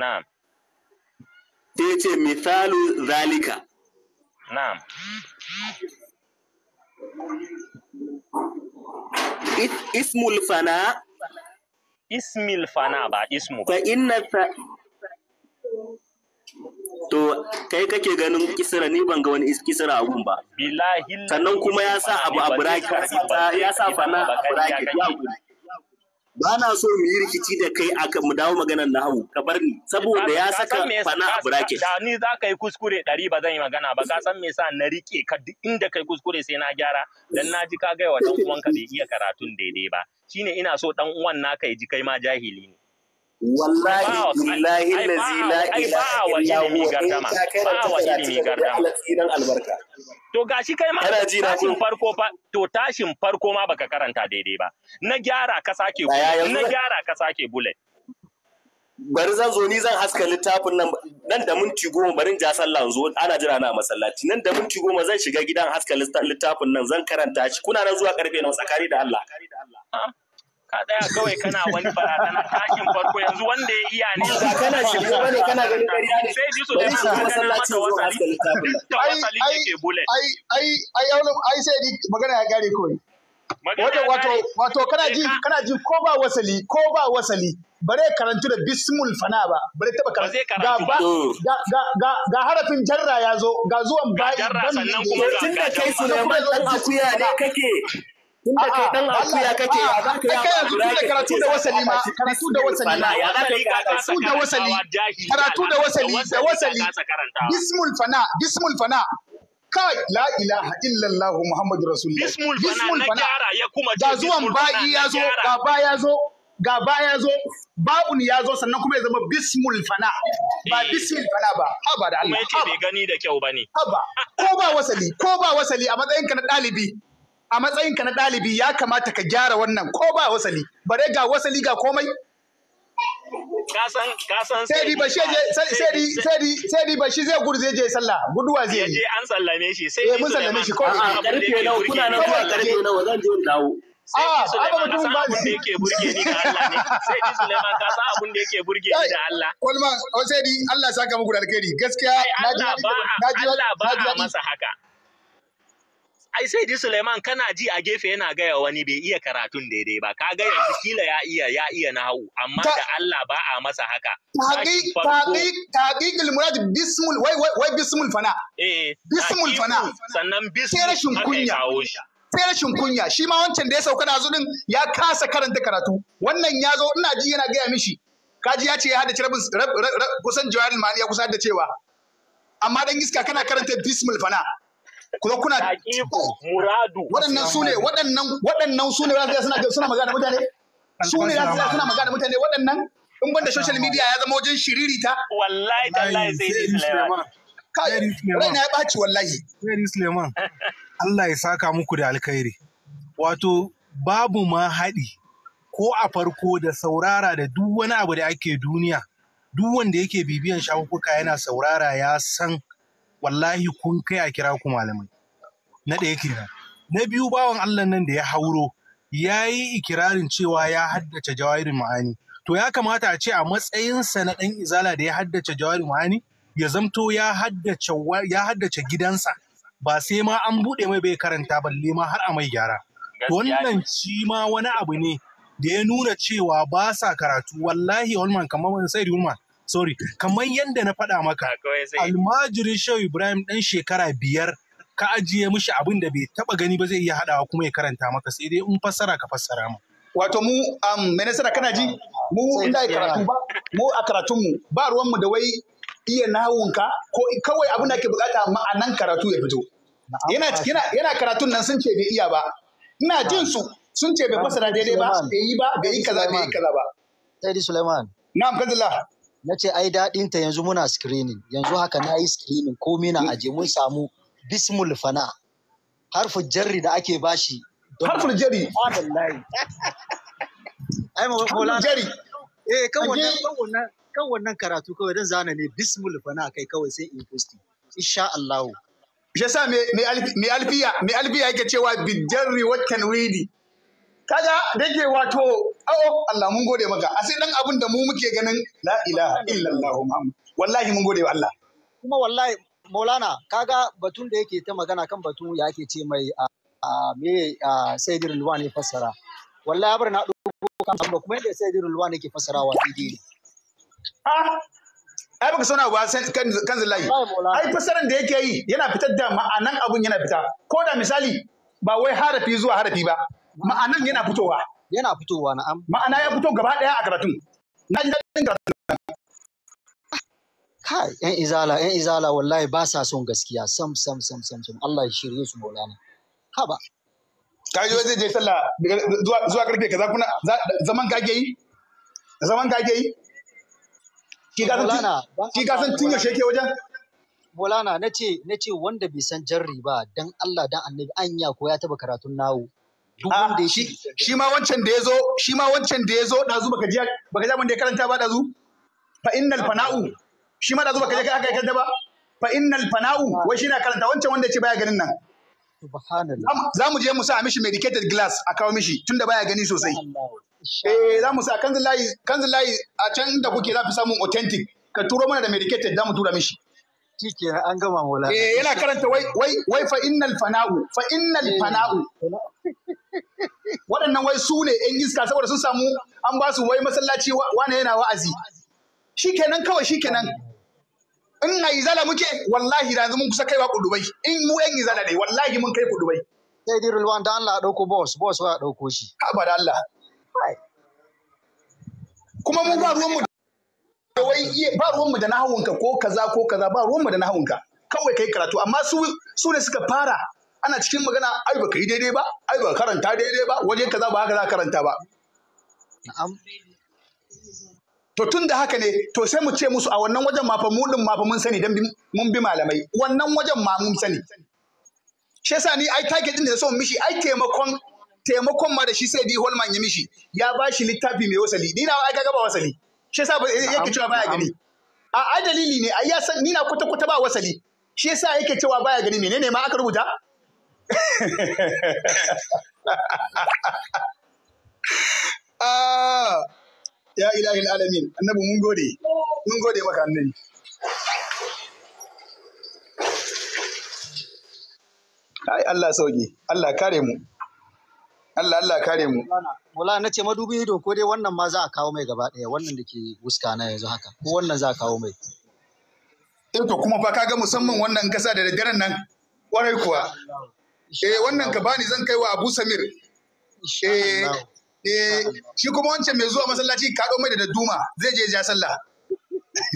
na'am sai ce misalu zalika na'am ismul fana ba ismu ba To kai kake ganin kisra ni ban ga wani is a abun ba. Sannan kuma ya sa abu a ya sa fana a ba na so mu yi rikici da kai kan mu dawo maganar nahawu ka bar ni saboda ya saka fana a bracket da ni za ka yi kuskure ɗari ba zan yi magana ba ka san me yasa na rike ka duk inda kai kuskure sai na gyara dan na ji ka gaya wa dan uwanka bai iya karatun daidai ba shine ina so dan uwan naka ya ji kai ma jahili ne wallahi billahi allazi la ilaha illa huwa ta kai wa ilimi gardama albarka to gashi kai ma tashin farko fa to tashin farko ma baka karanta daidai ba na gyara ka sake na gyara ka sake bullet bari zan zo ni zan haska littafin nan nan da minti goma bari ja sallah zo ana jira na masallaci nan da minti goma zan shiga gidan haska littafin nan zan karanta shi kuna nan zuwa karfe nan tsakari da Allah ah? ka tsaya kawai kana wani barazana tashin farko yanzu wanda ya iya ne ba kana shi ba ne kana ganin ƙarya ne sai ji su da kan kana mata wasali da wasali yake bullet ai ai ai ai sai ni magana ya gare kawai wato wato wato kana ji kana ji ko ba wasali ko ba wasali bare karantu da bismul fana ba bare taba karantu. ga ga ga ga harafin jarra ya zo ga zuwan ba'i ban sannan kuma tunda kai su ne dan akuya ne kake Tunda kai dan akuya kake ya za ka yi yanzu karatu da wasali ma karatu da wasali ma karatu da wasali karatu da wasali da wasali bismul fana bismul fana kai la ilaha illallah muhammadu rasulullah bismul fana da zuwan ba'i ya zo gaba ya zo gaba ya zo ba'un ya zo sannan kuma ya zama bismul fana ba eh. bismil fana ba haba da Allah haba bai gani da kyau bane haba ko ba wasali ko ba wasali a matsayin ka na dalibi a matsayinka na ɗalibi ya kamata ka gyara wannan ko ba wasali bare ga wasali ga komai sai ba shi zai gudu zai je sallah guduwa zai yi an sallame shi sai eh, mun sallame shi ko a karfe nawa kuna nan zuwa karfe nawa zan je dawo sai Suleiman ka san abin da yake burge ni da Allah ne oh, sai di Suleiman ka san abin da yake burge ni da Allah Kolman sai di Allah saka muku da alkhairi gaskiya na ji na ji na masa haka ai sai di Suleiman kana ji a gefe yana gaya wani bai iya karatun daidai ba ga yanzu kila ya iya ya iya hau amma da Allah ba a masa haka taqiqul murad bismul wai wai bismul fana eh bismul fana sannan bismul sai rashin kunya sai rashin kunya shi ma wancan da ya sauka da zudin ya kasa karanta karatu wannan ya zo ina ji yana gaya mishi kaji ya ce ya hada rabin kusan jawarin ma'ani ya kusa da cewa amma dan iska kana karanta bismul fana kuma kuna muradu waɗannan su ne waɗannan waɗannan su ne suna suna magana mutane su ne suna magana mutane waɗannan in banda social media ya zama wajen shiririta wallahi tallahi sai dai Suleiman kai raina ya ɓaci wallahi sai Suleiman Allah ya saka muku da alkhairi wato babu ma haɗi ko a farko da saurara da duk wani abu da ake duniya duk wanda yake bibiyan shafuka yana saurara ya san wallahi kun kai a kira ku malamai na ɗaya kenan na biyu bawan Allah nan da ya hauro ya yi ikirarin cewa ya haddace jawairin ma'ani to ya kamata a ce a matsayinsa na ɗan izala da ya haddace jawairin ma'ani ya zamto ya haddace ya haddace gidansa ba sai ma an buɗe mai bai karanta balle ma har a mai gyara wannan shi ma wani abu ne da ya nuna cewa ba sa karatu wallahi Holman kamar wani sai Holman sorry kamar yadda na faɗa maka almajirin shehu ibrahim ɗan shekara biyar ka ajiye mishi abin da bai taɓa gani ba zai iya haɗawa kuma ya karanta maka sai dai in fassara ka fassara mu wato mu um, mai kana ji mu inda ai karatu ba mu a karatun mu ba ruwan mu da wai iya nawunka ko kawai abin da ake bukata ma'anan karatu ya fito yana yana karatun nan sun ce bai iya ba ina jin su sun ce bai fassara daidai ba bai yi ba bai yi kaza bai yi kaza ba Sayyidi Sulaiman Na'am kadallah na ce ai daɗin ta yanzu muna screening yanzu haka na yi screening ko mina aje mun samu bismul fana harfin jarri da ake bashi harfin jarri ai maulana jarri eh kan wannan kan wannan kan wannan karatu kawai dan zana ne bismul fana kai kawai sai in post insha Allah shi sa me me alfiya me alfiya yake cewa can we do kaga ke wato awo Allah mun gode maka a sai dan abin da mu muke ganin la ilaha illallah muhammad wallahi mun gode wa Allah kuma wallahi maulana kaga batun da yake ta magana kan batun ya ke ce mai a ah, ah, me ah, sayyidir luwan ne fassara wallahi bar na dogo kan ba kuma yadda sayyidir luwan yake wa daidai ne ai baka sona ba sai kan zillahi ai fassaran da yake yi yana fitar da ma'anan abun yana fita ko da misali ba wai harafi zuwa harafi ba ma'anan yana fitowa yana fitowa na am. ma'ana ya fito gaba ɗaya a karatun na ji daɗin karatun kai yan izala yan izala wallahi ba sa son gaskiya sam sam sam sam sam Allah ya shirye su maulana Ka yi zai je sallah zuwa karfe kaza kuna zaman kage yi zaman kage yi ki ga san tun yaushe ke wajen Bolana na ce na ce wanda bai san jarri ba dan Allah dan Annabi anya ko ya taba karatun nawo duk ah, wanda ya shi ma wancan da ya zo, shi ma wancan da ya zo, yazo dazu baka ji baka ji da ya karanta ba dazu fa innal fana'u shi ma dazu baka ji aka karanta ba fa innal fana'u wai shi na karanta wancan wanda ya ce baya ganin nan za mu je mu sa mishi medicated glass a kawo mishi tunda baya gani sosai eh za mu sa kanzin layi kanzin layi a can da kuke za fi samun authentic ka turo mana da medicated za mu tura mishi shike an gama mola eh yana karanta wai wai wai fa innal fana'u fa innal eh. fana'u waɗannan wai su ne ‘yan iska saboda sun samu an ba su wai masallaci wane yana wa'azi shi kenan kawai shi kenan in yi izala muke wallahi da mun kusa kaiwa kudubai in mu ‘yan izala ne wallahi mun kai kudubai sai dai rulwan da Allah a ɗauko boss boss ba a ɗauko shi haba da Allah kuma mu ba ruwanmu da wai ba ruwanmu da nahawunka ko kaza ko kaza ba ruwanmu da nahawunka kawai kai karatu amma su ne suka fara ana cikin magana ai baka yi daidai ba ai baka karanta daidai ba waje kaza ba haka za karanta ba Na'am. to tun da haka ne to sai mu ce musu a wannan wajen ma fa mu din ma fa mun sani dan mun bi malamai wannan wajen ma mun sani shi yasa ni ai take din da so mishi ai taimakon taimakon ma da shi sai di Holman ya mishi ya ba shi littafi mai wasali ni na ai ga ba wasali shi yasa eh, yake cewa baya gani a dalili ne ai ya san ni na kwata kwata ba wasali shi yasa yake cewa baya gani menene ma aka rubuta Ah, ya ilahi alamin annabi mun gode mun gode maka annabi ai Allah sauki Allah kare mu Allah Allah kare mu wala na ce madubi ido ko dai wannan ma za a kawo mai gaba ɗaya wannan da ke wuska na yanzu haka ko wannan za a kawo mai eh to kuma fa kaga musamman wannan kasa da daddaren nan kwarai kuwa eh wannan ka bani zan kai wa Abu Samir She eh, eh shi kuma wancan mai zuwa masallaci ka mai da duma zai je ja sallah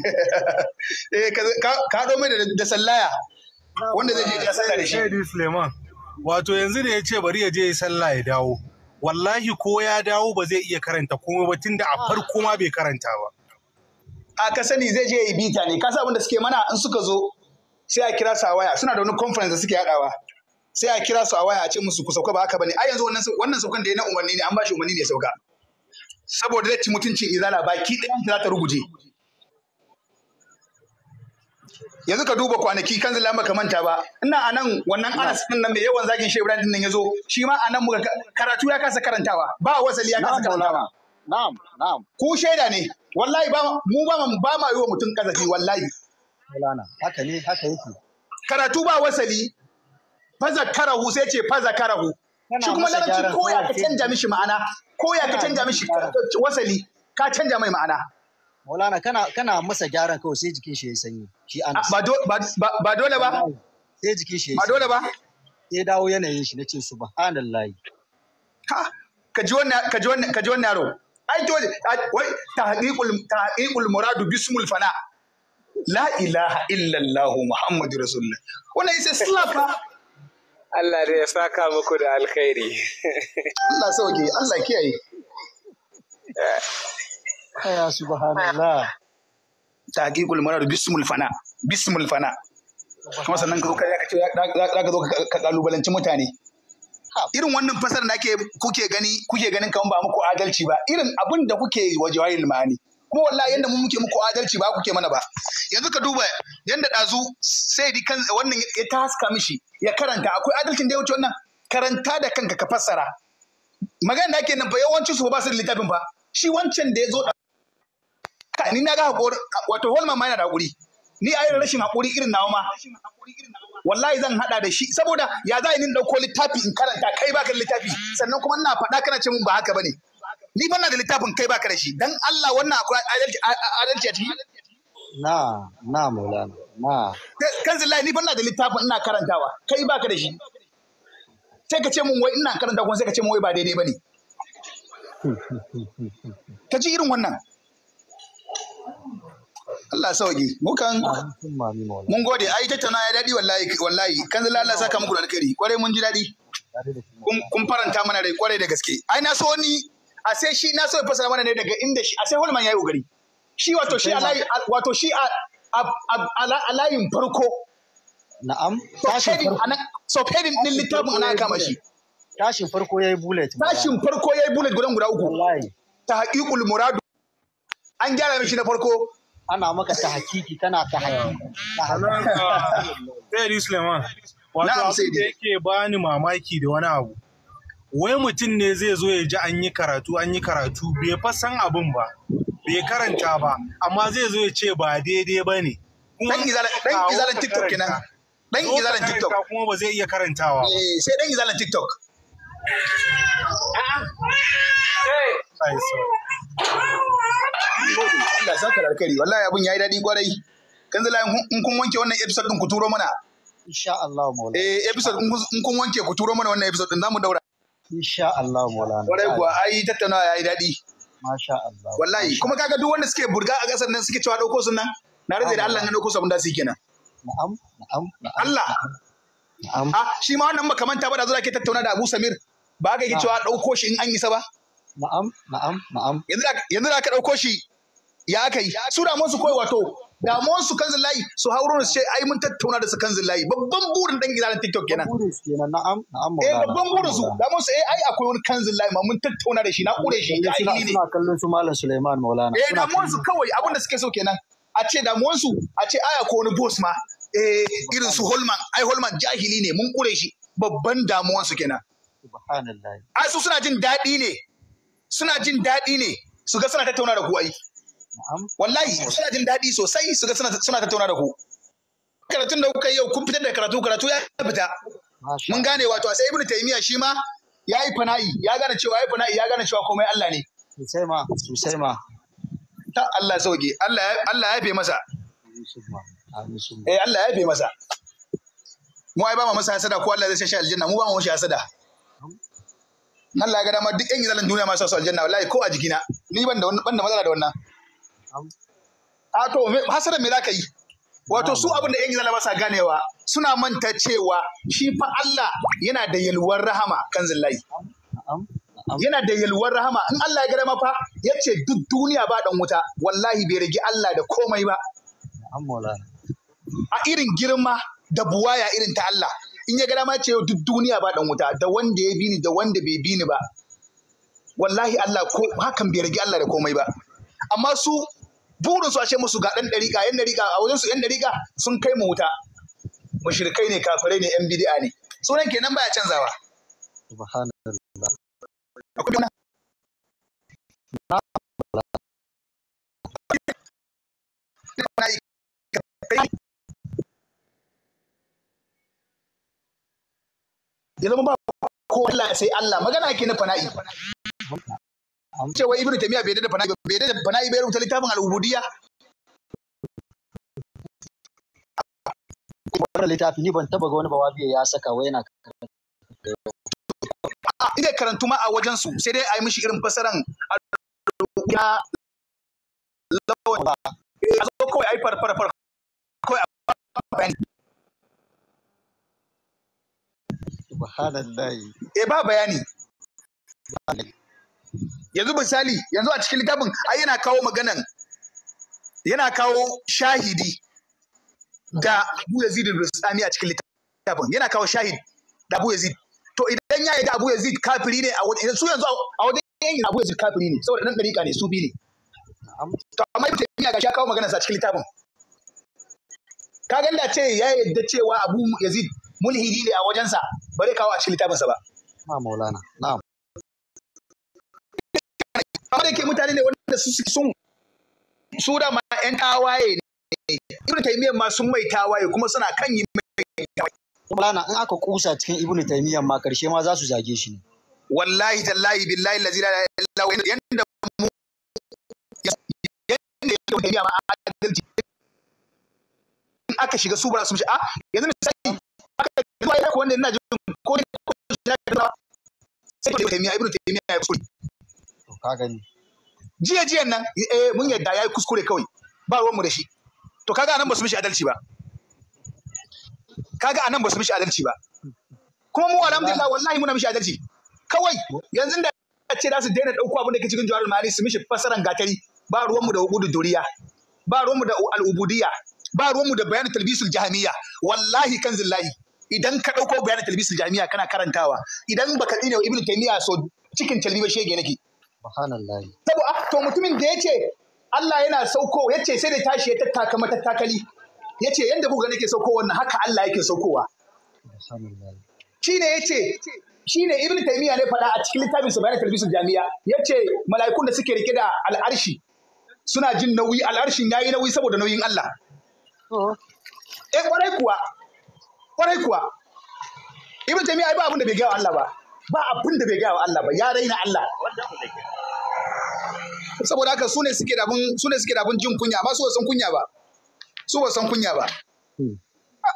eh ka mai da sallaya wanda zai je ja sallah da shi Suleiman wato yanzu da ya ce bari ya je sallah ya dawo wallahi ko ya dawo ba zai iya karanta komai ba tunda a farko ma bai karanta ba a ka sani zai je ya bita ne ka sa abin da suke mana in suka zo sai a kira sa waya suna da wani conference da suke haɗawa. sai a kira su a waya a ce musu ku sauka ba haka bane ai yanzu wannan wannan saukan da ya na umarni ne an ba shi umarni ne sauka saboda zai ci mutuncin izala baki ɗayan ta za ta ruguje yanzu ka duba kwanaki kan zila maka manta ba ina a nan wannan anas din nan mai yawan zagin shehu ibrahim din nan yazo shi ma a nan muka karatu ya kasa karantawa ba wasali ya kasa karantawa na'am na'am ku shaida ne wallahi ba mu ba ba ma yi wa mutum kazafi wallahi haka ne haka yake karatu ba wasali fazakarahu sai ce fazakarahu shi kuma larabci ko ya ka canja mishi ma'ana ko ya ka canja mishi wasali ka canja mai ma'ana Maulana kana kana masa gyaran kawai sai jikin shi ya sanyi shi ah, ba dole ba sai jikin shi ba dole ba sai dawo yanayin shi na ce subhanallahi ha ka ji wannan ka ji wannan ka ji wannan yaro ai dole wai tahqiqul tahqiqul muradu bismul fana la ilaha illallah muhammadur rasulullah wannan isa slap Allah da ya saka muku da alkhairi. Allah sauke, Allah kiyaye. Ya subhanallah. Taqiqul da bismul fana, bismul fana. Kuma sannan ka zo ka ce za ka zo ka kalubalanci mutane. Irin wannan fasar da kuke gani kuke ganin kamar ba muku adalci ba, irin abin da kuke wa jawahil ma'ani. Kuma wallahi yadda mun muke muku adalci ba kuke mana ba. Yanzu ka duba yadda ɗazu sai kan wannan ya taska mishi ya karanta akwai adalcin da ya wuce wannan karanta da kanka ka fassara magana da ake nan ba yawancin su ba su da littafin ba shi wancan da ya zo da ni na ga hakuri wato holman ma yana da hakuri ni ayi rashin hakuri irin nawa ma wallahi zan hada da shi saboda ya za ni dauko littafi in karanta kai baka da littafi sannan kuma ina faɗa kana ce mun ba haka bane ni ba na da littafin kai baka da shi dan Allah wannan akwai adalci a ciki na na maulana na kanzin lai ni na da littafin ina karantawa kai baka da shi sai ka ce mun wai ina karanta kuma sai ka ce mun wai ba daidai bane ka ji irin wannan Allah sauki mukan mun gode ai tattauna ya dadi wallahi wallahi kan zalla Allah saka muku da alkari, kwarai mun ji dadi kun faranta mana rai kwarai da gaske ai na so ni a sai shi na so ya fasara mana ne daga inda shi a sai Holman yayi kokari shi wato shi alayi wato shi a farko na'am tashin farko subheading din littafin ana kama shi tashin farko yayi bullet tashin farko yayi bullet gudan guda uku wallahi ta haqiqul murad an gyara mishi na farko ana maka ta hakiki kana ta hakiki Very Suleiman wato abin da yake bani mamaki da wani abu wai mutum ne zai zo ya ji an yi karatu an yi karatu bai fa san abin ba bai karanta ba amma zai zo ya ce ba daidai ba ne. Dan izalan TikTok kenan. Dan izalan TikTok. Kuma ba zai iya karantawa. Eh, sai dan izalan TikTok. Ai, Allah saka alkhairi wallahi abun yayi daɗi kwarai. Kanzu zala in kun wanke wannan episode din ku turo mana. Insha Allah Maulana. Eh episode in kun wanke ku turo mana wannan episode din zamu daura. Insha Allah Maulana. Kwarai kuwa ai tattaunawa yayi daɗi. Masha Allah. Wallahi kuma kaga duk wanda suke burga a ƙasar nan suke cewa ɗauko sun nan na rage da Allah ya ɗauko sabon da su kenan. Na'am, na'am, Allah. Na'am. Ah, shi ma wannan baka ba da zuwa ke tattauna da Abu Samir ba ka yi cewa ɗauko shi in an isa ba. Na'am, na'am, na'am. Yanzu da ka ɗauko shi ya kai. Suna musu kawai wato damuwan su kanzin layi su hauro su ce ai mun tattauna da su kanzin layi babban burin dan gida na TikTok kenan na'am na'am eh babban burin su damuwan eh, su eh ai akwai wani kanzin layi ma mun tattauna da shi na kure shi ga ai ne suna kallon su malam Suleiman Maulana eh damuwan su kawai abin da suke so kenan a ce damuwan su a ce ai akwai wani boss ma eh irin su Holman ai Holman jahili ne mun kure shi babban damuwan su kenan subhanallahi ai su suna jin daɗi ne suna jin daɗi ne su ga suna tattauna da kuwa wallahi suna jin daɗi sosai su ga suna tattauna da ku karatun da kuka yau kun fitar da karatu karatu ya fita mun gane wato a sai ibnu taymiya shi ma ya yi fana'i ya gane cewa ya yi fana'i ya gane cewa komai Allah ne sosai ma sosai ma ta Allah sauke Allah Allah ya fi masa eh Allah ya fi masa mu ai ba mu masa hasada ko Allah zai shi aljanna mu ba mu masa hasada Allah ya ga dama duk yan gidan duniya ma sa su aljanna wallahi ko a jikina ni ban da ban da matsala da wannan a ah, to hasara me zaka yi wato su abin da yan gizala ba sa ganewa suna manta cewa shi fa Allah yana da yalwar rahama kan zillahi yana da yalwar rahama in Allah ya gada fa, ya ce duk duniya ba dan wuta wallahi bai rage Allah da komai ba a irin girma da buwaya irin ta Allah in ya gada ma ce duk duniya ba dan wuta da wanda ya bini da wanda bai bini ba wallahi Allah ko hakan bai rage Allah da komai ba amma su burin su a ce musu ga ɗan ɗariƙa, yan ɗariƙa a wajen su yan ɗariƙa sun kai mu wuta Mushirkai ne kafirai ne yan bidi'a ne sunan kenan baya canzawa akwai ya zama ba kowa Allah sai Allah magana ke na fana'i cewa ibnu taymiya bai da bana bai da fana'i bai rubuta littafin al-ubudiyya wannan littafi ni ban taba ga wani bawabiya ya saka wai yana ina karantu ma a wajen su sai dai a yi mishi irin fasaran ya lawan ba a zo kawai a yi farfarfar kawai a bayani subhanallah eh ba bayani yanzu misali yanzu a cikin littafin ai yana kawo maganan yana kawo shahidi da Abu Yazid al-Bustami a cikin littafin yana kawo shahid da Abu Yazid to idan ya yi da Abu Yazid kafiri ne a wajen su yanzu a wajen yin Abu Yazid kafiri ne saboda nan dariƙa ne su bi ne to amma ibn Taymiya ga shi kawo maganan sa cikin littafin ka ganda ce ya yadda cewa Abu Yazid mulhidi ne a wajensa bare kawo a cikin littafinsa ba ma maulana na'am amma da ke mutane ne wanda su suke sun su da ma yan tawaye ne ibn taymiyyah ma sun mai tawaye kuma suna kan yi mai tawaye kuma na in aka kusa cikin ibn taymiyyah ma karshe ma za su zage shi ne wallahi tallahi billahi allazi la ilaha illa huwa yanda mu yanda ibn taymiyyah ma adalci in aka shiga su bara sun ce a ah, yanzu misali aka yi wanda ina jin ko ko shi sai ibn taymiyyah ibn taymiyyah ya kuskure ka gani jiya jiyan nan eh mun yadda yayi kuskure kawai ba ruwan mu da shi to kaga anan ba su mishi adalci ba kaga anan ba su mishi adalci ba kuma mu alhamdulillah wallahi muna mishi adalci kawai yanzu da ce za su daina dauko abin da ke cikin jawarul mali su mishi fasaran gatari ba ruwan mu da hukudu duriya ba ruwan mu da al'ubudiyya ba ruwan mu da bayanin talbisul jahamiyya wallahi kanzil idan ka dauko bayanin talbisul jahamiyya kana karantawa idan baka tsine ibnu taymiya so cikin talbi ba shege nake subhanallahi saboda to mutumin da ce Allah yana sauko ya ce sai da tashi ya tattaka matattakali ya yace yanda kuka nake sauko wannan haka Allah yake saukowa shine yace shine ibn taymiya ne faɗa a cikin littafin sa bayan talbisul jami'a yace mala'ikun da suke rike da al'arshi suna jin nauyi al'arshin yayi nauyi saboda nauyin Allah oh. eh kwarai kuwa kwarai kuwa ibn taymiya ai ba abin da bai ga Allah ba ba abin da bai gaya wa Allah ba ya raina Allah saboda haka su ne suke da su ne suke da jin kunya amma su san kunya ba su ba san kunya ba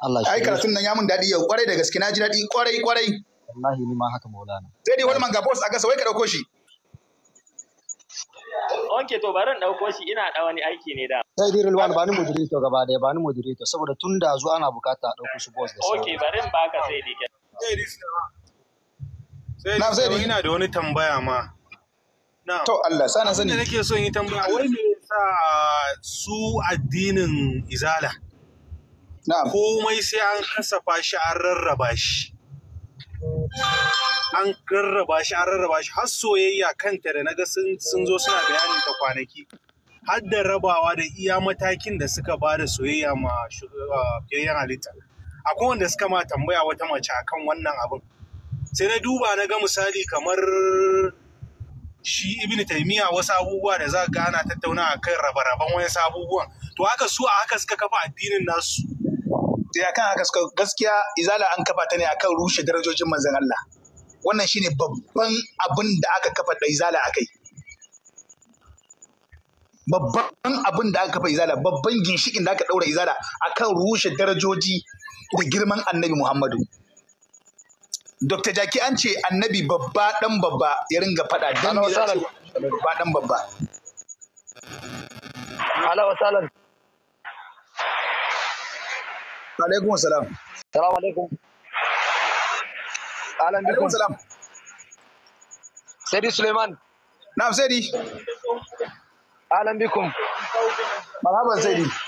Allah shi ai karatun nan ya mun dadi yau kwarai da gaske na ji dadi kwarai kwarai wallahi ni ma haka maulana sai dai wani manga boss a gasa wai ka dauko shi Onke to barin dauko shi ina da wani aiki ne da. Sai dai Rilwan ba ni moderator gaba daya ba ni moderator saboda tun da zuwa ana bukata a dauko su boss da sauran. Oke barin baka sai dai. na ina da wani tambaya ma to Allah sana sani da nake yi tambaya wai me yasa su addinin izala na'am komai sai an kasafa shi an rarraba shi an rarraba shi an rarraba shi har soyayya kanta da naga sun sun zo suna bayanin ta kwanaki har da rabawa da iya matakin da suka ba da soyayya ma fiyayyen halitta akwai wanda suka ma tambaya wata mace akan wannan abin sai na duba na ga misali kamar shi ibn taimiya wasu abubuwa da za ga ana tattauna a kan rabe-raben wayansu abubuwan to haka su a haka suka kafa addinin nasu sai eh, akan haka suka gaskiya izala an kafa ta ne akan rushe darajojin manzon Allah wannan shine babban abin da aka kafa da izala akai babban abin da aka kafa izala babban ginshikin da aka daura izala akan rushe darajoji da girman annabi Muhammadu Dr. Jaki an ce annabi babba dan babba ya ringa fada dan babba dan babba. Ala wa Alaikum salam. Salamu alaikum. Alan bikum. salam. Sadi Suleiman. Na'am Sadi. Alan bikum. Marhaban Sadi.